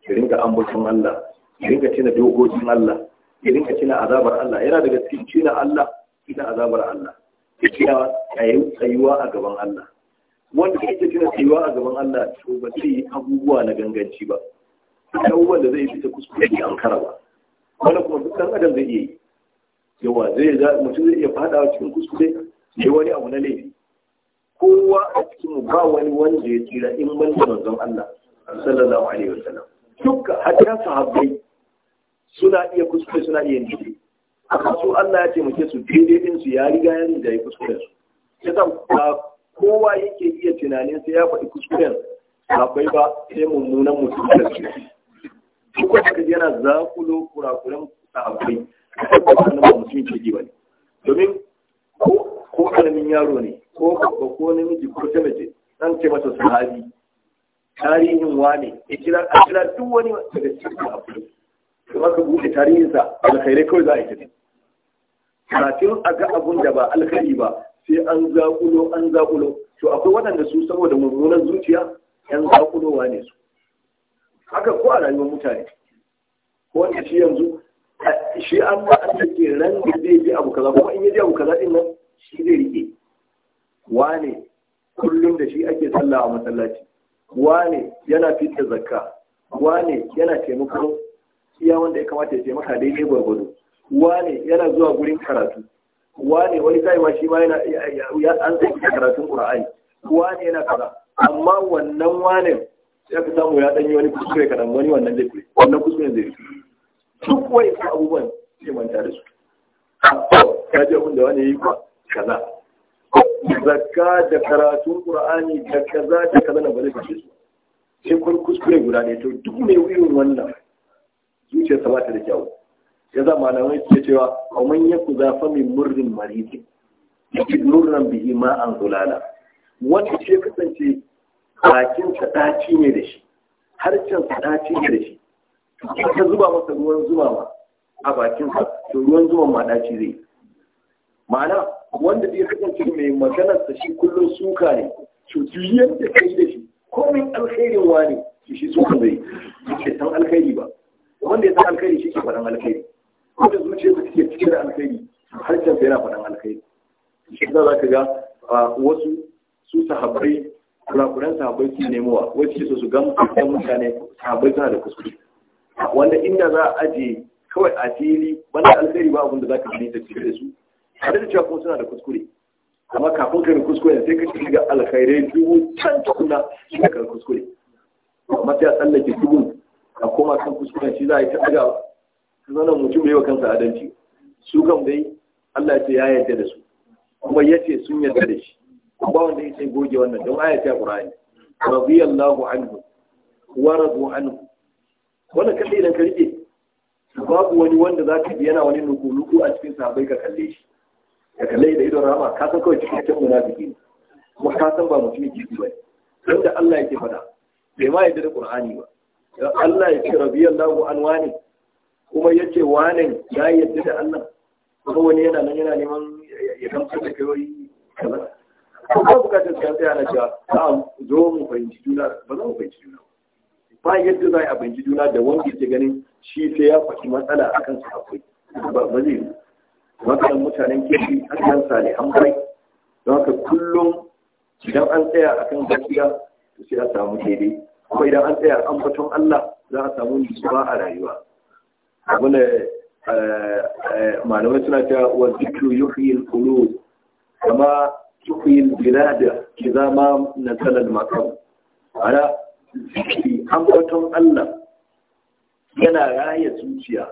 ki ringa ambaton Allah ya rinka cina dokokin Allah ya rinka cina azabar Allah yana daga cikin cina Allah cina azabar Allah ya yayin tsayuwa a gaban Allah wanda yake cina tsayuwa a gaban Allah to ba zai yi abubuwa na ganganci ba abubuwan da zai fita kuskure ya ankara ba wanda kuma dukkan adam zai iya yi yawa zai za mutum zai iya fadawa cikin kuskure ya wani abu na laifi kowa a cikin ba wani wanda ya tsira in ban da manzon Allah sallallahu alaihi wasallam duka hatta sahabbai suna iya kuskure suna iya nufi amma su Allah ya taimake su daidai din su ya riga ya da ya kuskure su yasa ba kowa yake iya tunanin sai ya faɗi kuskuren akwai ba sai mummunan mutum da su duk wata kaji yana zakulo kurakuran sahabbai wannan ba mutum ke ba ne domin ko karamin yaro ne ko babba ko namiji ko ta mace zan ce masa sahabi tarihin wane ya kira duk wani daga cikin sahabbai kuma ka buɗe tarihinsa alkhairai kawai za a yi kafin a ga abun da ba alkhairi ba sai an zaƙulo an zaƙulo to akwai waɗanda su saboda mummunan zuciya yan zaƙulowa ne su haka ko a rayuwar mutane ko wanda shi yanzu shi an ba an take ran da zai ji abu kaza kuma in ya ji abu kaza din nan shi zai rike wane kullum da shi ake sallah a masallaci wane yana fitar zakka wane yana taimakon iya wanda ya kamata ya taimaka daidai gwargwado wane yana zuwa gurin karatu wane wani saiwa shi ma yana an sai karatun qur'ani wane yana kaza amma wannan wane ya ka samu ya danyi wani kuskure kadan wani wannan zai kure wannan kuskuren zai duk wai ka abubuwan ke manta da su Ya ji abin da wani yi ba kaza zakka da karatun qur'ani da kaza da kaza na bari ka su sai kun kuskure guda ne to duk mai wuyin wannan zuciyarsa ba ta da kyau ya za malamai suke cewa kaman ya ku zafa min murrin maridin yake murnan bihi ma an zulala wanda ce kasance bakin sadaci ne da shi harcen sadaci ne da shi ka zuba masa ruwan zuma ma a bakin sa to ruwan zuma ma daci zai ma'ana wanda zai kasance mai maganar sa shi kullum suka ne cutiyar da kai da shi komin alkhairin ne shi suka zai ba wanda ya san alkhairi shi ke faɗan alkhairi wanda ta ke cike da alkhairi harshen yana faɗan alkhairi shi za ka ga wasu su sahabbai kurakuran sahabbai su wa wasu su su gan kan mutane sahabbai suna da kuskure wanda inda za a aje kawai a fili banda alkhairi ba abinda za ka gani ta cike da su har da cewa kuma suna da kuskure amma kafin ka kuskure sai ka shiga alkhairai dubu can tukuna shi ka kuskure amma sai a tsallake dubu a koma kan kuskuren shi za a yi ta ɗaga sanan mutum bai wa kansa adalci su kam dai Allah ce ya yarda da su kuma ya ce sun yarda da shi ba wanda ya sai goge wannan don aya ta Qur'ani radiyallahu anhu wa radu anhu wannan dai idan ka rike babu wani wanda za ka yana wani nuku-nuku a cikin sahabbai ka kalle shi ka kalle da idon rama ka san kawai cikin cikin munafiki ne kuma ka san ba mutum ya yake ba don da Allah yake faɗa bai ma yarda da Qur'ani ba Allah ya ce rabi radiyallahu an wani kuma ya ce wane ya yadda da Allah kuma wani yana nan yana neman ya gamsar da kai kamar kuma ko ba bukatar ka tsaya na cewa a zo mu fahimci juna ba za mu fahimci juna ba yadda za a fahimci juna da wanda ke ganin shi sai ya faɗi matsala a kansa akwai ba ba zai yi matsalan mutanen kirki an san an bai don haka kullum idan an tsaya a kan gaskiya to sai a samu daidai kuma idan an tsaya ambaton Allah za a samu nisuwa a rayuwa abinda eh, eh, malamai suna cewa wa zikru yuhyi al kama yuhyi al-bilad zama ma nazala al-maqam ana zikri ambaton Allah yana raya zuciya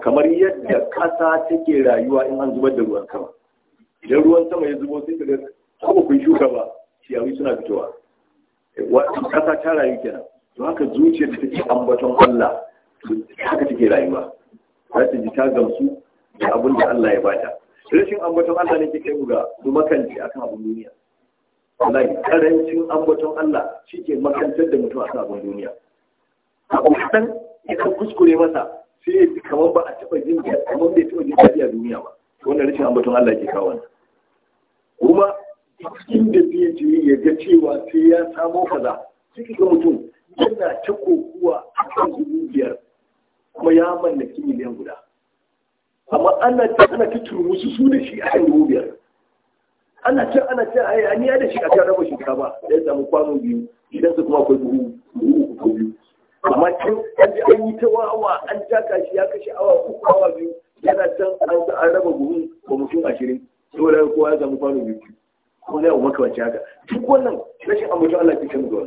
kamar yadda kasa take rayuwa in an zubar da ruwan sama idan ruwan sama ya zubo sai ga ko kun shuka ba ciyawi suna fitowa wato ƙasa ta rayu kenan to haka zuciyar da take ambaton Allah haka take rayuwa za ta ji ta gamsu da abin da Allah ya bata rashin ambaton Allah ne ke kai mu ga makanci akan abin duniya wallahi karancin ambaton Allah shi ke makantar da mutum akan abin duniya a kusan idan kuskure masa sai kamar ba a taɓa jin kamar bai taɓa jin daɗi a duniya ba wannan rashin ambaton Allah ke kawo kuma inda zai je ya ga cewa sai ya samo kaza ciki ga mutum yana ta kokuwa a kan dubu biyar kuma ya mallaki miliyan guda amma ana ta ana ta turmusu su da shi a kan dubu biyar ana ta ana ta hayaniya da shi a kan raba shinkafa da ya samu kwano biyu idan su kuma akwai dubu uku biyu amma ta an yi ta wawa an taka shi ya kashe awa uku awa biyu yana ta an raba buhu ba mutum ashirin saboda kowa ya samu kwano biyu ko na abu makamanci haka duk wannan rashin ambaton Allah ke kan zuwa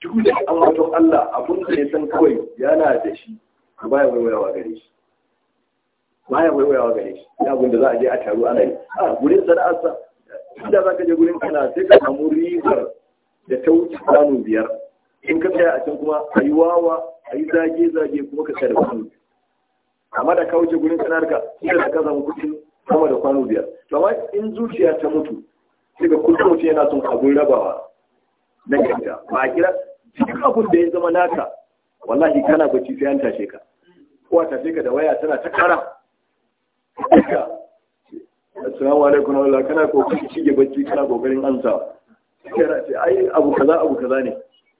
duk da ambaton Allah abun da ya san kawai yana da shi ba ya waiwayawa gare shi ba ya waiwayawa gare shi ya abin da za a je a taro ana yi a gurin sana'arsa inda za ka je gurin kana sai ka samu ribar da ta wuce kwano biyar in ka tsaya a can kuma a yi wawa a yi zage-zage kuma ka tsaya da kwano amma da ka wuce gurin sana'arka inda da ka samu kuɗin sama da kwano biyar to amma in zuciya ta mutu sai ga kusurci yana sun abun rabawa na gida ba a kira cikin abun da ya zama naka wallahi kana bacci sai an tashe ka kowa tashe ka da waya tana ta kara assalamu alaikum wa rahmatullahi kana kokarin ga bacci kana kokarin amsa kira ce ai abu kaza abu kaza ne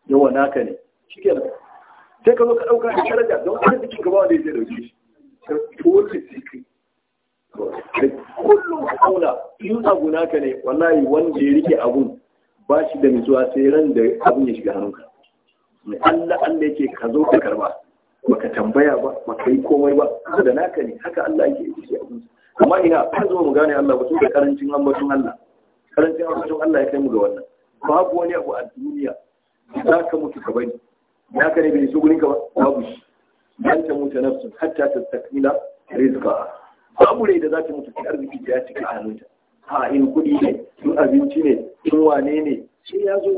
yawa naka ne shikenan sai ka zo ka dauka da daraja don wani cikin gaba da ya dauke shi cikin kullum ka auna abu gunaka ne wallahi wanda ya rike abun ba shi da mutuwa sai ran da abun ya shiga hannunka mai Allah Allah yake ka zo ka karba baka tambaya ba baka yi komai ba da naka ne haka Allah yake yi shi abun amma ina har zo mu gane Allah ba da karancin ambaton Allah karancin ambaton Allah ya kai mu ga wannan babu wani abu a duniya za ka mutu ka bari naka ne bai so gurin ka ba babu shi dan ta mutu nafsun hatta ta takmila rizqaha babu da za ta mutu sai arziki da ya cika a hannunta a in kuɗi ne in abinci ne in wane ne sai ya zo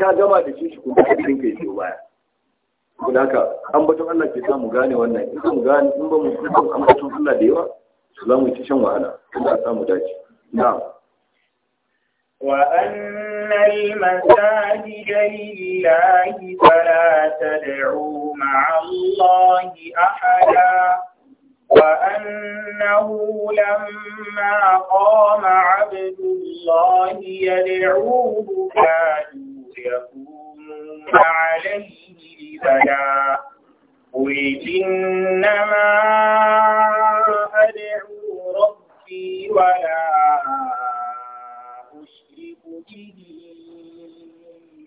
ka gama da shi shi kuma cikin kai yi baya don haka batun Allah ke samu gane wannan in ba mu gane in ba mu san ambaton Allah da yawa to za mu yi shan wahala in ba samu dace na'am wa anna al-masajida lillahi fala tad'u ma'a Allah ahada وأنه لما قام عبد الله يدعوه كانوا يكونون عليه لبدا قل إنما أدعو ربي ولا أشرك به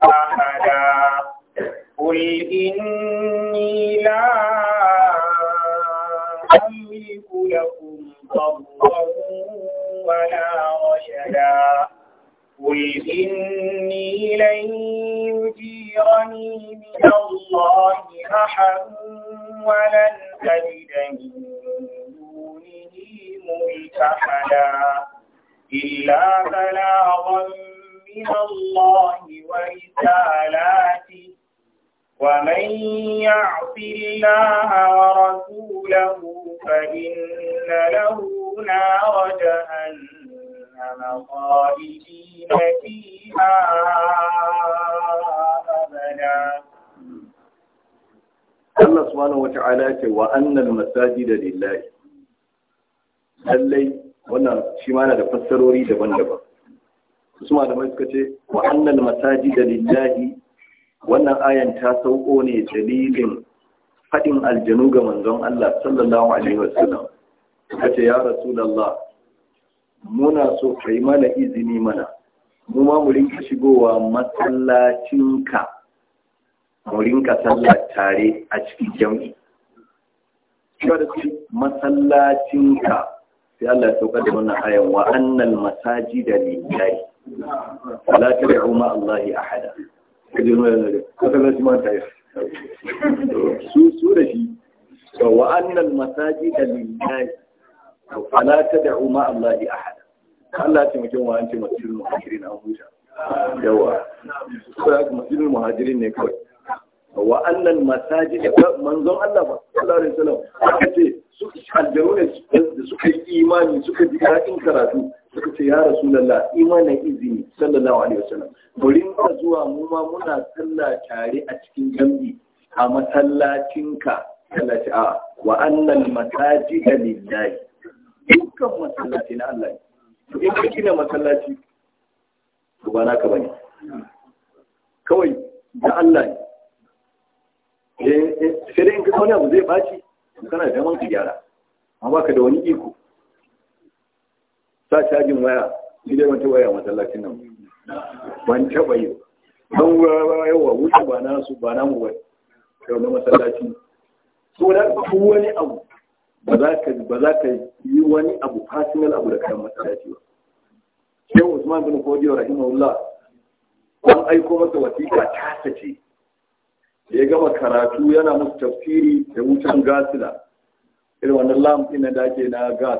أحدا قل إني لا أملك لكم ضرا ولا رشدا قل إني لن يجيرني من الله أحد ولن أجد من دونه ملتحدا إلا بلاغا من الله ورسالاته ومن يعص الله ورسوله فإن له نار جهنم خالدين فيها أبدا الله سبحانه وتعالى وأن المساجد لله لله wannan shi ma na da fassarori daban-daban su ma da mai suka ce wannan ayan ta sauko ne dalilin haɗin aljanu ga manzon Allah sallallahu alaihi wasallam kace ya rasulullah muna so kai mana izini mana mu ma mu rinka shigowa masallacinka mu rinka sallah tare a cikin jami'i cewa da su masallacinka sai Allah ya saukar da wannan ayan wa annal masajida lillahi fala tad'u ma Allah ahada su su da shi ga wa'annan masaji da lillahi fala ta da umma Allah di ahad Allah ce mutum wa an ce masjidul muhajirin an huta yawa sai masjidul muhajirin ne kawai wa masaji da manzon Allah ba sallallahu alaihi wasallam aka ce su aljaru ne da suka yi imani suka ji daɗin karatu suka ce ya rasulullah imanin izini sallallahu alaihi wasallam bari mu zuwa mu ma muna sallah tare a cikin jambi a masallacinka sallaci a wa annal da lillahi dukkan masallaci na Allah to in ka gina masallaci to ba naka bane kawai da Allah ne sai dai in kasa wani abu zai ɓaci kana da daman ka gyara amma baka da wani iko sa cajin waya ni dai wata waya masallacin nan ban taɓa yi don yawa wuce ba na su ba na mu kyau na masallaci so da ku wani abu ba za ka ba za ka yi wani abu personal abu da kayan masallaci ba shehu usman bin kodiyo rahimahullah an aiko masa wasiƙa ta ce da ya gama karatu yana musu tafsiri da wutan gasila irin wannan lam ɗin da ake na gas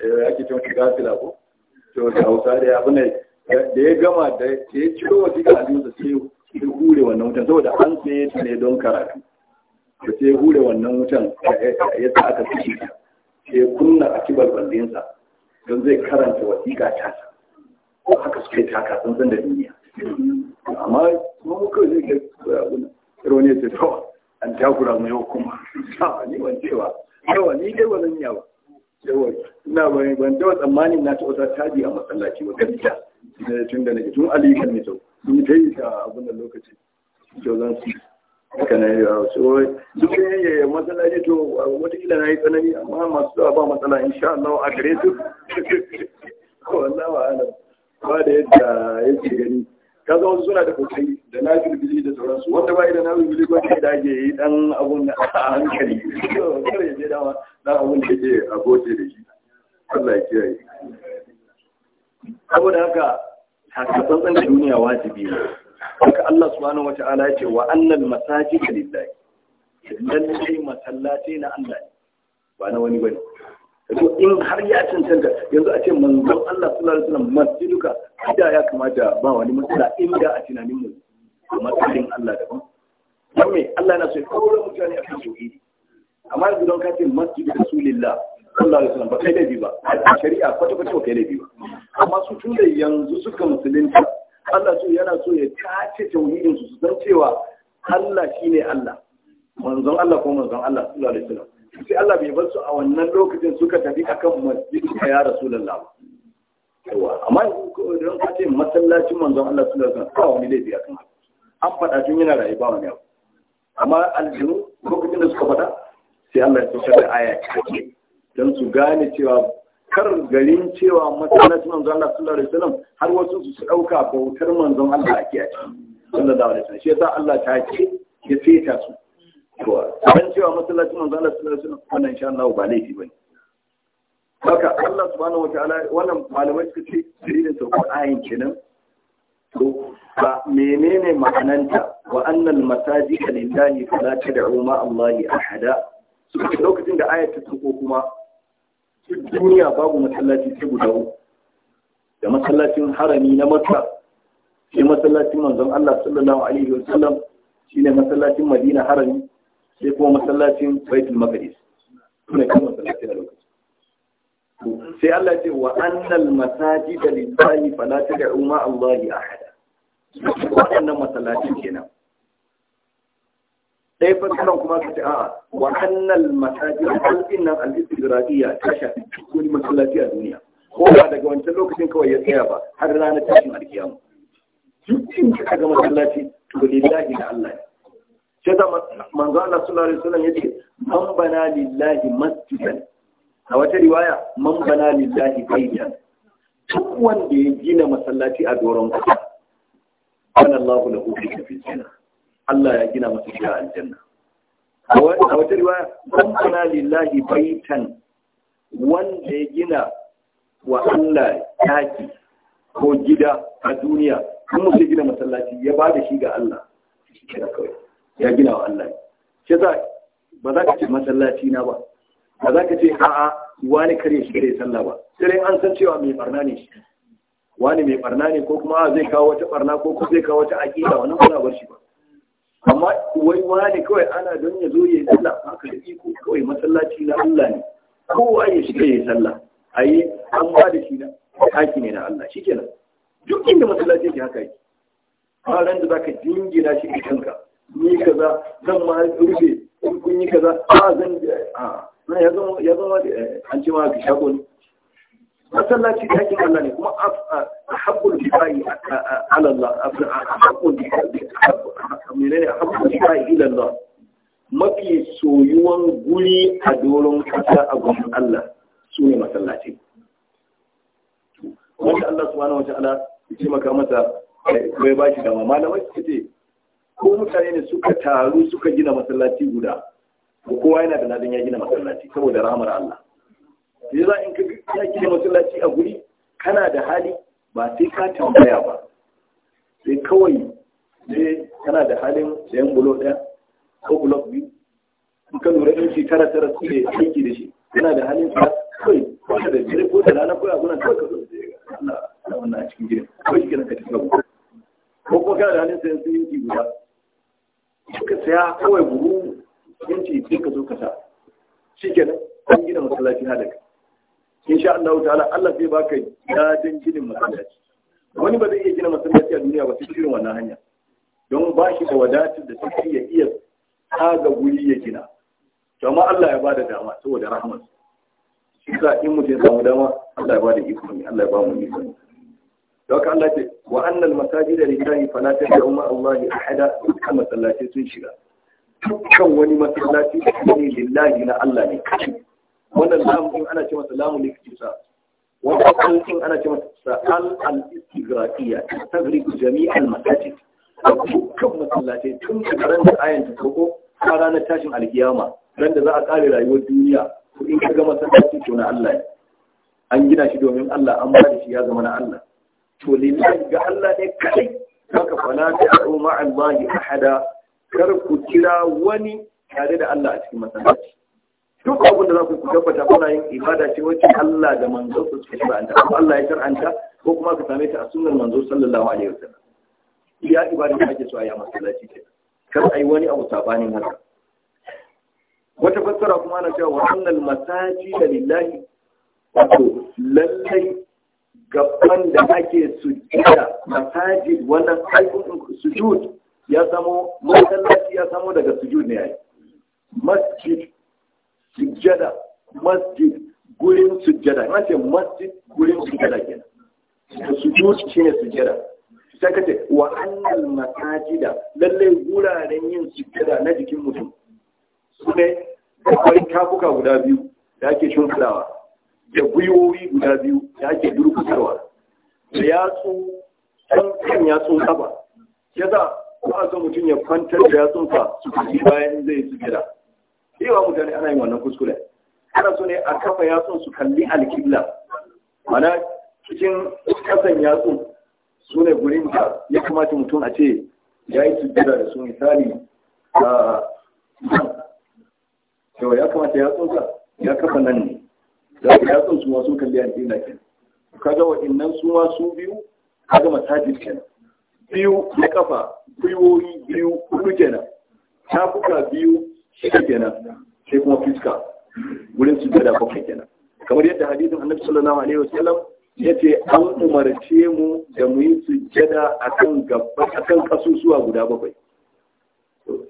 ya eh, ake cewa gasila ko to da hausa da abu ne da ya gama da ya ciro wa cikin aljihunsa sai ya hure wannan wutan saboda an tsaye ta ne don karatu da sai ya hure wannan wutan ya sa aka fi ta sai ya kunna a kibar bandinsa don zai karanta wasiƙa ta ko haka suke taka tsantsan da duniya amma kuma muka zai ga abuna sai ya ce to an takura mu yau kuma a ni ban cewa yawa ni dai wannan yawa yawa ina ban ban da tsammanin na ta wata taji a masallaci wa gaskiya da eh, tun da nake tun ali kan ne to ni tayi ta abun da lokaci to zan su haka ne ya so duk ne ya yi masallaci to wata kila yi tsanani amma masu zuwa ba matsala insha Allah a gare su wallahi wa ba da yadda yake gani ka wasu suna da kokari da nafil bili da sauransu wanda ba da nafil bili ko da ake yi dan abun a hankali kar ya je dama dan abun da yake a goce da shi Allah ya kiyaye saboda haka hakikatan san duniya wajibi ne haka Allah subhanahu wata'ala ya ce wa annal masajida lillahi lallai masallati na Allah ne ba na wani bane in har ya cancanta yanzu a ce manzon Allah sallallahu alaihi wasallam masjiduka da ya kamata ba wani matsala inda a tunanin mu amma tsarin Allah daban ba me Allah na so ya kawo mutane a kan tauhidi amma yanzu don ka ce masjidu rasulillah sallallahu alaihi wasallam ba kai laifi ba a shari'a kwata kwata ba kai laifi ba amma su tun da yanzu suka musulunta Allah so yana so ya tace tauhidin su su san cewa Allah shine Allah manzon Allah ko manzon Allah sallallahu alaihi wasallam sai Allah bai bar su a wannan lokacin suka tafi akan masjid ka ya rasulullah yawa amma idan ka ce masallacin manzon Allah sallallahu alaihi wasallam ba wani laifi akan an faɗa tun yana rayuwa wani abu amma aljinu lokacin da suka faɗa sai Allah ya saukar da aya kake don su gane cewa kar garin cewa masallacin manzon Allah sallallahu alaihi wasallam har wasu su su dauka bautar manzon Allah a kiyaye. sallallahu alaihi wasallam shi yasa Allah ta ce ya feta su to an cewa masallacin manzo Allah sallallahu alaihi wasallam wannan insha Allah ba laifi bane haka Allah subhanahu wataala wannan malamai suka ce dalilin saukar ayin kenan to ba menene ma'ananta wa annal masajida lillahi fala tad'u ma Allahi ahada suka ce lokacin da ayat ta ko kuma duniya babu masallaci sai guda uku da masallacin harami na Makka sai masallacin manzon Allah sallallahu alaihi wasallam shine masallacin Madina harami sai kuma masallacin baitul maqdis kuma kan masallacin a lokacin sai Allah ce wa annal masajida lillahi fala tad'u ma Allahi ahada wannan masallacin kenan sai fasiran kuma ka ce a'a wa annal masajida alfin nan al-istigradiya ta shafi wani masallaci a duniya ko ba daga wancan lokacin kawai ya tsaya ba har ranar tashin alkiyama duk inda ka ga masallaci to lillahi da Allah ne sai da manzo Allah sallallahu alaihi wasallam yace man bana lillahi masjidan a wata riwaya man bana lillahi baitan duk wanda ya gina masallaci a doron kasa kana Allahu lahu fi janna Allah ya gina masa gida aljanna a wata riwaya man bana lillahi baitan wanda ya gina wa Allah taki ko gida a duniya kuma sai gina masallaci ya ba da shi ga Allah shi kawai ya gina wa Allah shi za ba za ka ce masallaci na ba ba za ka ce a'a wani kare shi kare sallah ba sai an san cewa mai barna ne shi wani mai barna ne ko kuma zai kawo wata barna ko kuma zai kawo wata aƙida wannan kuna bar shi ba amma wai wani kawai ana don ya zo ya yi sallah haka da iko kawai masallaci na Allah ne ko ya shiga ya salla sallah ayi an ba da shi na haki ne na Allah shikenan duk inda masallaci yake haka yi. ba ran da zaka jingina shi kanka kaza zan ma rufe in kun yi kaza a zan a na ya zama ya zama eh, an ce ma ka ne masallaci dakin Allah ne kuma ahabbul bibai ala Allah mafi soyuwan guri a doron kasa a Allah su ne masallaci wanda Allah subhanahu wa ta'ala ya ce maka mata bai ba shi da malamai suka ce ko mutane ne suka taru suka gina masallaci guda ko kowa yana da ladan ya gina masallaci saboda rahmar Allah za in ka ya gina masallaci a guri kana da hali ba sai ka tambaya ba sai kawai sai kana da halin sayan bulo ɗaya ko bulo biyu in ka lura in tara tara su ne aiki da shi kana da halin sa kai wanda da jire ko da rana ko a gunan kawai ka zo da Allah wannan a cikin gidan Ko shi kenan ka tafi ko kuma kana da halin sayan su guda ka saya kawai buhu yanci sai ka zo ka sa shi nan an gina masallaci in sha Allah ta'ala Allah zai baka dajin ginin masallaci wani ba zai iya gina masallaci a duniya ba sai irin wannan hanya don ba shi da wadatar da take iya iya tsaga guri ya gina to amma Allah ya bada dama saboda rahmat shi sa in mutum ya samu dama Allah ya bada iko ne Allah ya ba mu iko da haka Allah ce wa annal masajid lillahi fala tad'u ma Allah ahada dukkan masallaci sun shiga dukkan wani masallaci ne lillahi na Allah ne Wannan wannan lamun ana ce masa lamun iktisa wannan kalmin ana ce masa al al istigrafiya taghrib jami' al masajid dukkan masallaci tun da ran da ayan ta koko har ranar tashin alkiyama ran da za a kare rayuwar duniya ko in kaga masallaci to na Allah ne. an gina shi domin Allah an ba da shi ya zama na Allah to lillahi ga Allah ne kadai haka fala ta'u mahi ahada kar ku kira wani tare da Allah a cikin masallaci duk abin da za ku tabbata kuna yin ibada ce wacce Allah da manzo su suka ko Allah ya shar'anta ko kuma ka same ta a sunan manzo sallallahu alaihi wasallam ya ibada da ake so a yi masallaci ce kar wani abu sabanin haka wata fassara kuma ana cewa wa annal masajida lillahi wato lallai gaban da ake sujjada masajid wannan sujud ya samo masallaci ya samo daga sujud ne ai masjid sujjada masjid gurin sujjada na ce masjid gurin sujjada kenan da sujud shine sujjada sai kace ce wa annal masajida lalle guraren yin sujjada na jikin mutum Sune ne akwai kafuka guda biyu da ake shimfidawa da gwiwowi guda biyu da ake durkutarwa da yatsu kan yatsun saba ya za a mutum ya kwantar da yatsunsa su kusi bayan zai su gida yawa mutane ana yin wannan kuskure ana so ne a kafa yatsun su kalli alkibla mana cikin kasan yatsun su ne gurin da ya kamata mutum a ce ya yi su sujjada da su misali a ya kamata yatsunsa ya kafa nan ne da su ya su ma sun kalli addini kenan kaga waɗannan su ma su biyu kaga masajid kenan biyu na kafa gwiwoyi biyu hudu kenan tafuka biyu shida kenan sai kuma fiska wurin su jada bakwai kenan kamar yadda hadisin annabi sallallahu alaihi wasallam ya ce an umarce mu da mu yi sujjada akan gaba kan kasusuwa guda bakwai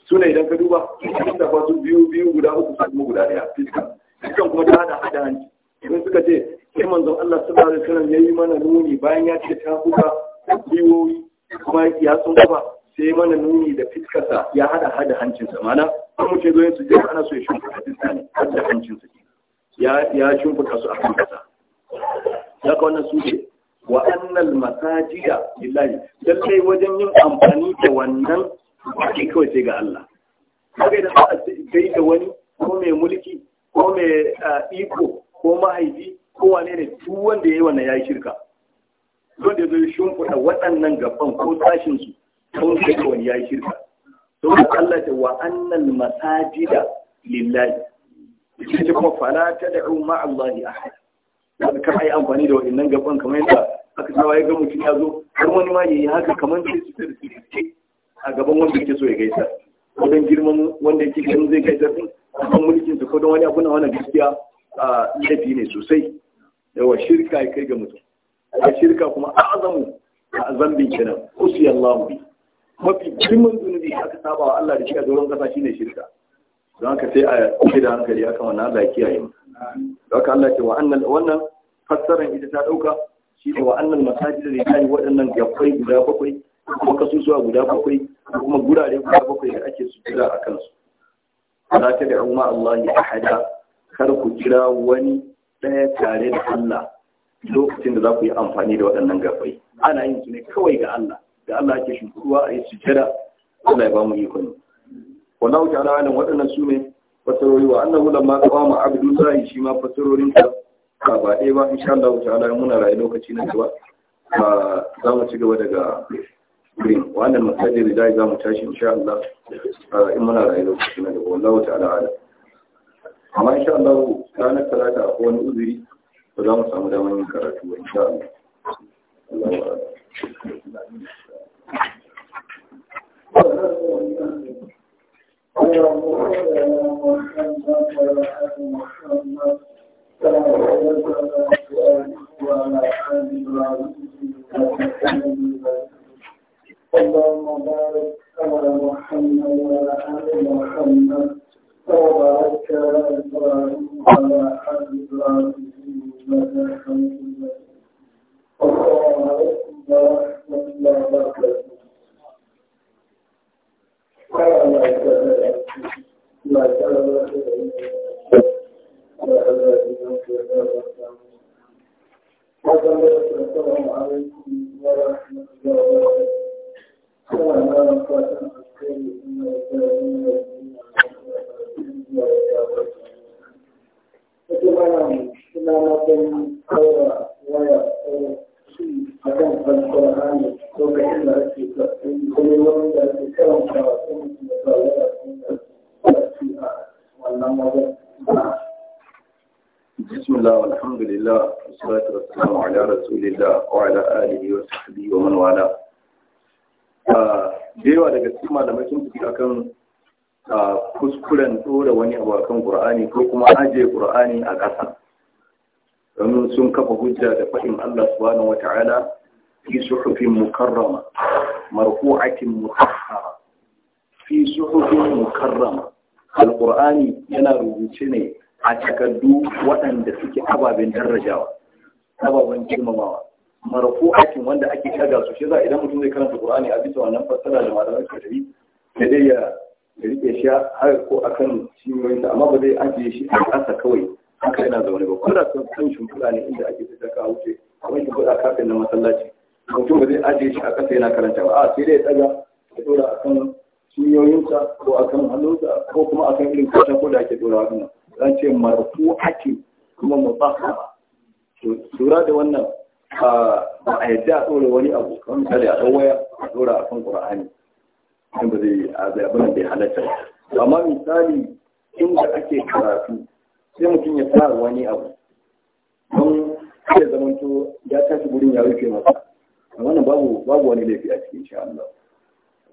suna idan ka duba sun tafa su biyu biyu guda uku su kuma guda daya fiska fiskan kuma ta hada hada hanci sun suka ce sai manzon Allah sallallahu alaihi wasallam ya yi mana nuni bayan ya ce ta buka kiwoyi kuma ya sun sai ya mana nuni da fiskarsa ya hada hada hancinsa mana an mu ce zo yin ana so ya shimfiɗa fiska ne hancinsa ya ya su a kan kasa ya ka wannan suje wa annal masajida lillahi lallai wajen yin amfani da wannan ake kawai sai ga Allah kaga idan ka yi da wani ko mai mulki ko mai ah, iko ko mahaifi ko wane ne duk wanda ya yi wannan ya yi shirka Don ya zai shimfiɗa waɗannan gaban ko tashinsu sun kai wani ya yi shirka da Allah ta wa annal masajida lillahi ita kuma fala ta da'u ma Allah ahad da a yi amfani da waɗannan gaban kamar yadda aka sawa ya ga mutum ya zo har wani ma ya yi haka kamar sai su tsirce a gaban wanda ke so ya gaisa Wajen girman wanda ke ganin zai gaisa sun, a mulkin su ko don wani abu na wani gaskiya laifi ne sosai yawa shirka ya kai ga mutum a shirka kuma azamu a zambin kenan kusi Allah bi mafi girman zunubi aka saba wa Allah da shi a doron kasa shine shirka don haka sai a kuke da hankali akan wannan Allah ya kiyaye mu don haka Allah ce wa annal wannan fassaran ita ta dauka shi ne wa annal masajid da kai waɗannan gabbai guda bakwai kuma kasusuwa guda bakwai kuma gurare guda bakwai da ake su sujjada a kansu ta da ma Allah ya hada. kar ku kira wani ɗaya tare da Allah lokacin da za ku yi amfani da waɗannan gafai ana yin su ne kawai ga Allah da Allah ake shukuruwa a yi sujjada Allah ya ba mu ikon wuce ala alam waɗannan su ne fasarori wa annahu lamma qama abdu sahi shi ma fasarorin ta ka ba dai ba insha Allah ta'ala muna rayu lokaci na gaba za mu ci gaba daga green wannan masajin da za mu tashi insha Allah in muna rayu lokaci na gaba wallahu ta'ala alam amma insha Allah ranar talata akwai wani uzuri ba za mu samu damar yin karatu ba insha Allah ajiye shi a ƙasa kawai haka yana zaune ba kuna son kan shimfiɗa ne inda ake fita ka wuce kuma shimfiɗa kafin na masallaci mutum ba zai ajiye shi a ƙasa yana karanta ba a sai dai ya ɗaga ya ɗora a kan cinyoyinsa ko a kan hannunsa ko kuma a kan irin kwata ko da ake ɗora a nan zan ce marfu ake kuma ba. lura da wannan ba a yadda a ɗora wani abu kamar misali a ɗan waya a ɗora a kan ƙura'ani kan ba zai abin da ya halatta amma misali inda ake karatu sai mutum ya fara wani abu don ya zamanto ya tashi gurin ya rufe masa a wannan babu babu wani laifi a cikin shi Allah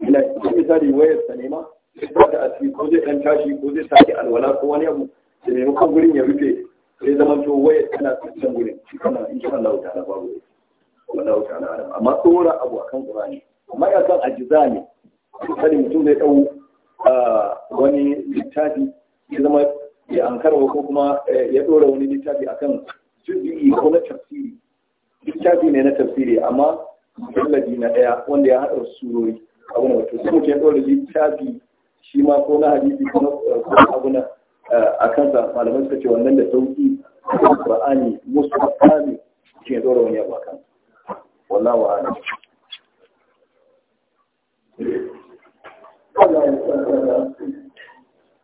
ina cikin misali wayar sa nema ba ta asiri ko zai dan tashi ko zai sake alwala ko wani abu da maimakon gurin ya rufe sai zamanto wayar tana cikin gurin shi kana insha Allah ta'ala babu laifi wallahu ta'ala amma tsora abu akan qur'ani amma ya kan ajiza ne misali mutum zai dau ah, wani littafi ya zama ya ankara ko kuma eh, ya ɗora wani littafi akan juzi'i ko na tafsiri littafi ne na tafsiri amma mujallabi na ɗaya wanda ya haɗa surori abu na wato sai mutum ya ɗora littafi shi ma ko na hadisi ko na eh, abu na eh, a kansa malamai suka ce wannan da sauƙi Qur'ani musulmi shi ya ɗora wani abu a wannan wa a'lam Thank you.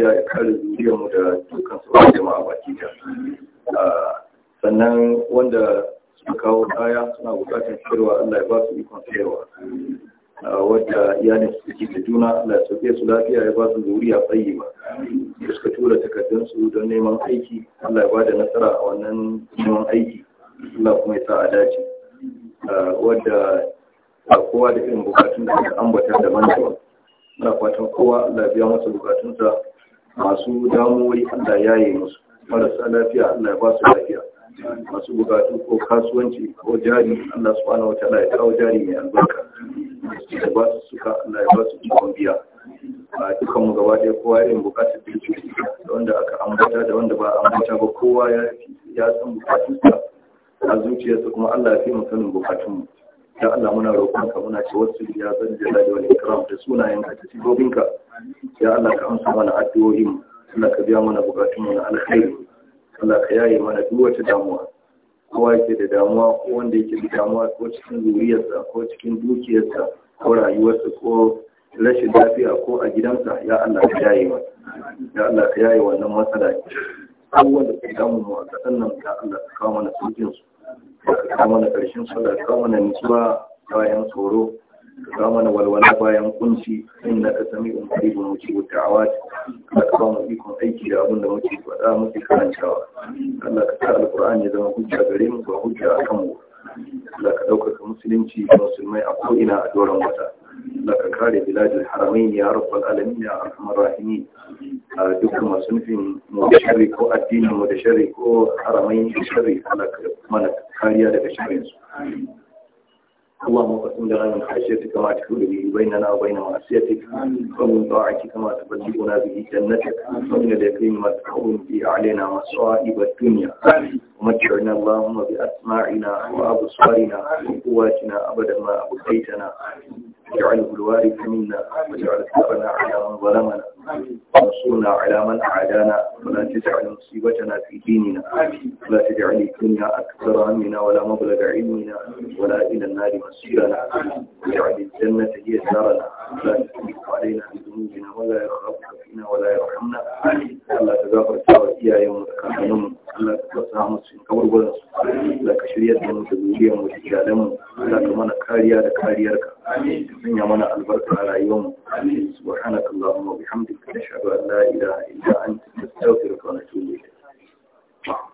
kariya ya kare zuriyarmu da dukkan sauran jama'a baki da sannan wanda suka kawo kaya suna bukatar cewa Allah ya ba su ikon sayarwa wadda iyalin su suke da juna Allah ya sauke su lafiya ya ba su zuriya tsayi ba da suka tura takardunsu don neman aiki Allah ya ba da nasara a wannan neman aiki Allah kuma ya sa a dace wadda kowa da irin bukatun da ambata daban-daban muna fatan kowa Allah biya masa bukatunsa masu damuwai Allah ya yi musu marasa lafiya Allah ya ba su lafiya masu bukatu ko kasuwanci ko jari Allah ana wata ta'ala ya kawo jari mai albarka da ba su suka Allah ya ba su cikin biya a dukan mu gaba ɗaya kowa yin bukatar da yake da wanda aka ambata da wanda ba ambata ba kowa ya san bukatunsa a zuciyarsa kuma Allah ya fi mu sanin bukatunmu da Allah muna roƙonka muna ce wasu ya zan da wani ikram da sunayen ka da sibobinka ya Allah ka amsa mana addu'o'in Allah ka biya mana bukatun mu na alkhairi Allah ka yaye mana duk wata damuwa kowa yake da damuwa ko wanda yake da damuwa ko cikin zuriyarsa ko cikin dukiyarsa ko rayuwarsa ko rashin lafiya ko a gidansa ya Allah ka yaye wa ya Allah ka yaye wannan matsala abubuwan da ke damu mu a kasan nan ya Allah ka kawo mana sojin su ka kawo mana karshen su da kawo mana nutsuwa bayan tsoro zamanin walwala bayan kunci sun na kasami in karibu na wuce wuce a wata a kasa mu ikon aiki da abin da muke faɗa muke karantawa allah ka sa alkur'an ya zama hujja gare mu ba hujja a kan mu allah ka ɗaukaka musulunci da musulmai a ko'ina a doron wata allah ka kare biladin haramain ya rabbal alamin ya arhamar rahimi a duk masu nufin mu da shari ko addinin mu da shari ko haramain da shari allah mana kariya daga su. اللهم قسم لنا من خشيتك ما تحول به بيننا وبين معصيتك ومن طاعتك ما تبلغنا به جنتك ومن اليقين ما تحول به علينا مصائب الدنيا ومتعنا اللهم باسماعنا وابصارنا وقواتنا ابدا ما ابقيتنا واجعله الوارث منا واجعل ثأرنا على من ظلمنا وانصرنا على من عادانا ولا تجعل مصيبتنا في ديننا ولا تجعل الدنيا أكثر همنا ولا مبلغ علمنا ولا إلى النار مصيرنا واجعل الجنة هي دارنا ولا تكلف علينا بذنوبنا ولا يخاف فينا ولا يرحمنا ألا تغفر تواتيا يوم تكلم ألا تبصر مسلم كبر ولنصر ألا كشريت من تزوجيا وتجالم ألا كمان كاريا لكاريا لك سنيا من البركة على يوم سبحانك اللهم وبحمدك وبحمدك نشهد أن لا إله إلا أنت نستغفرك ونتوب إليك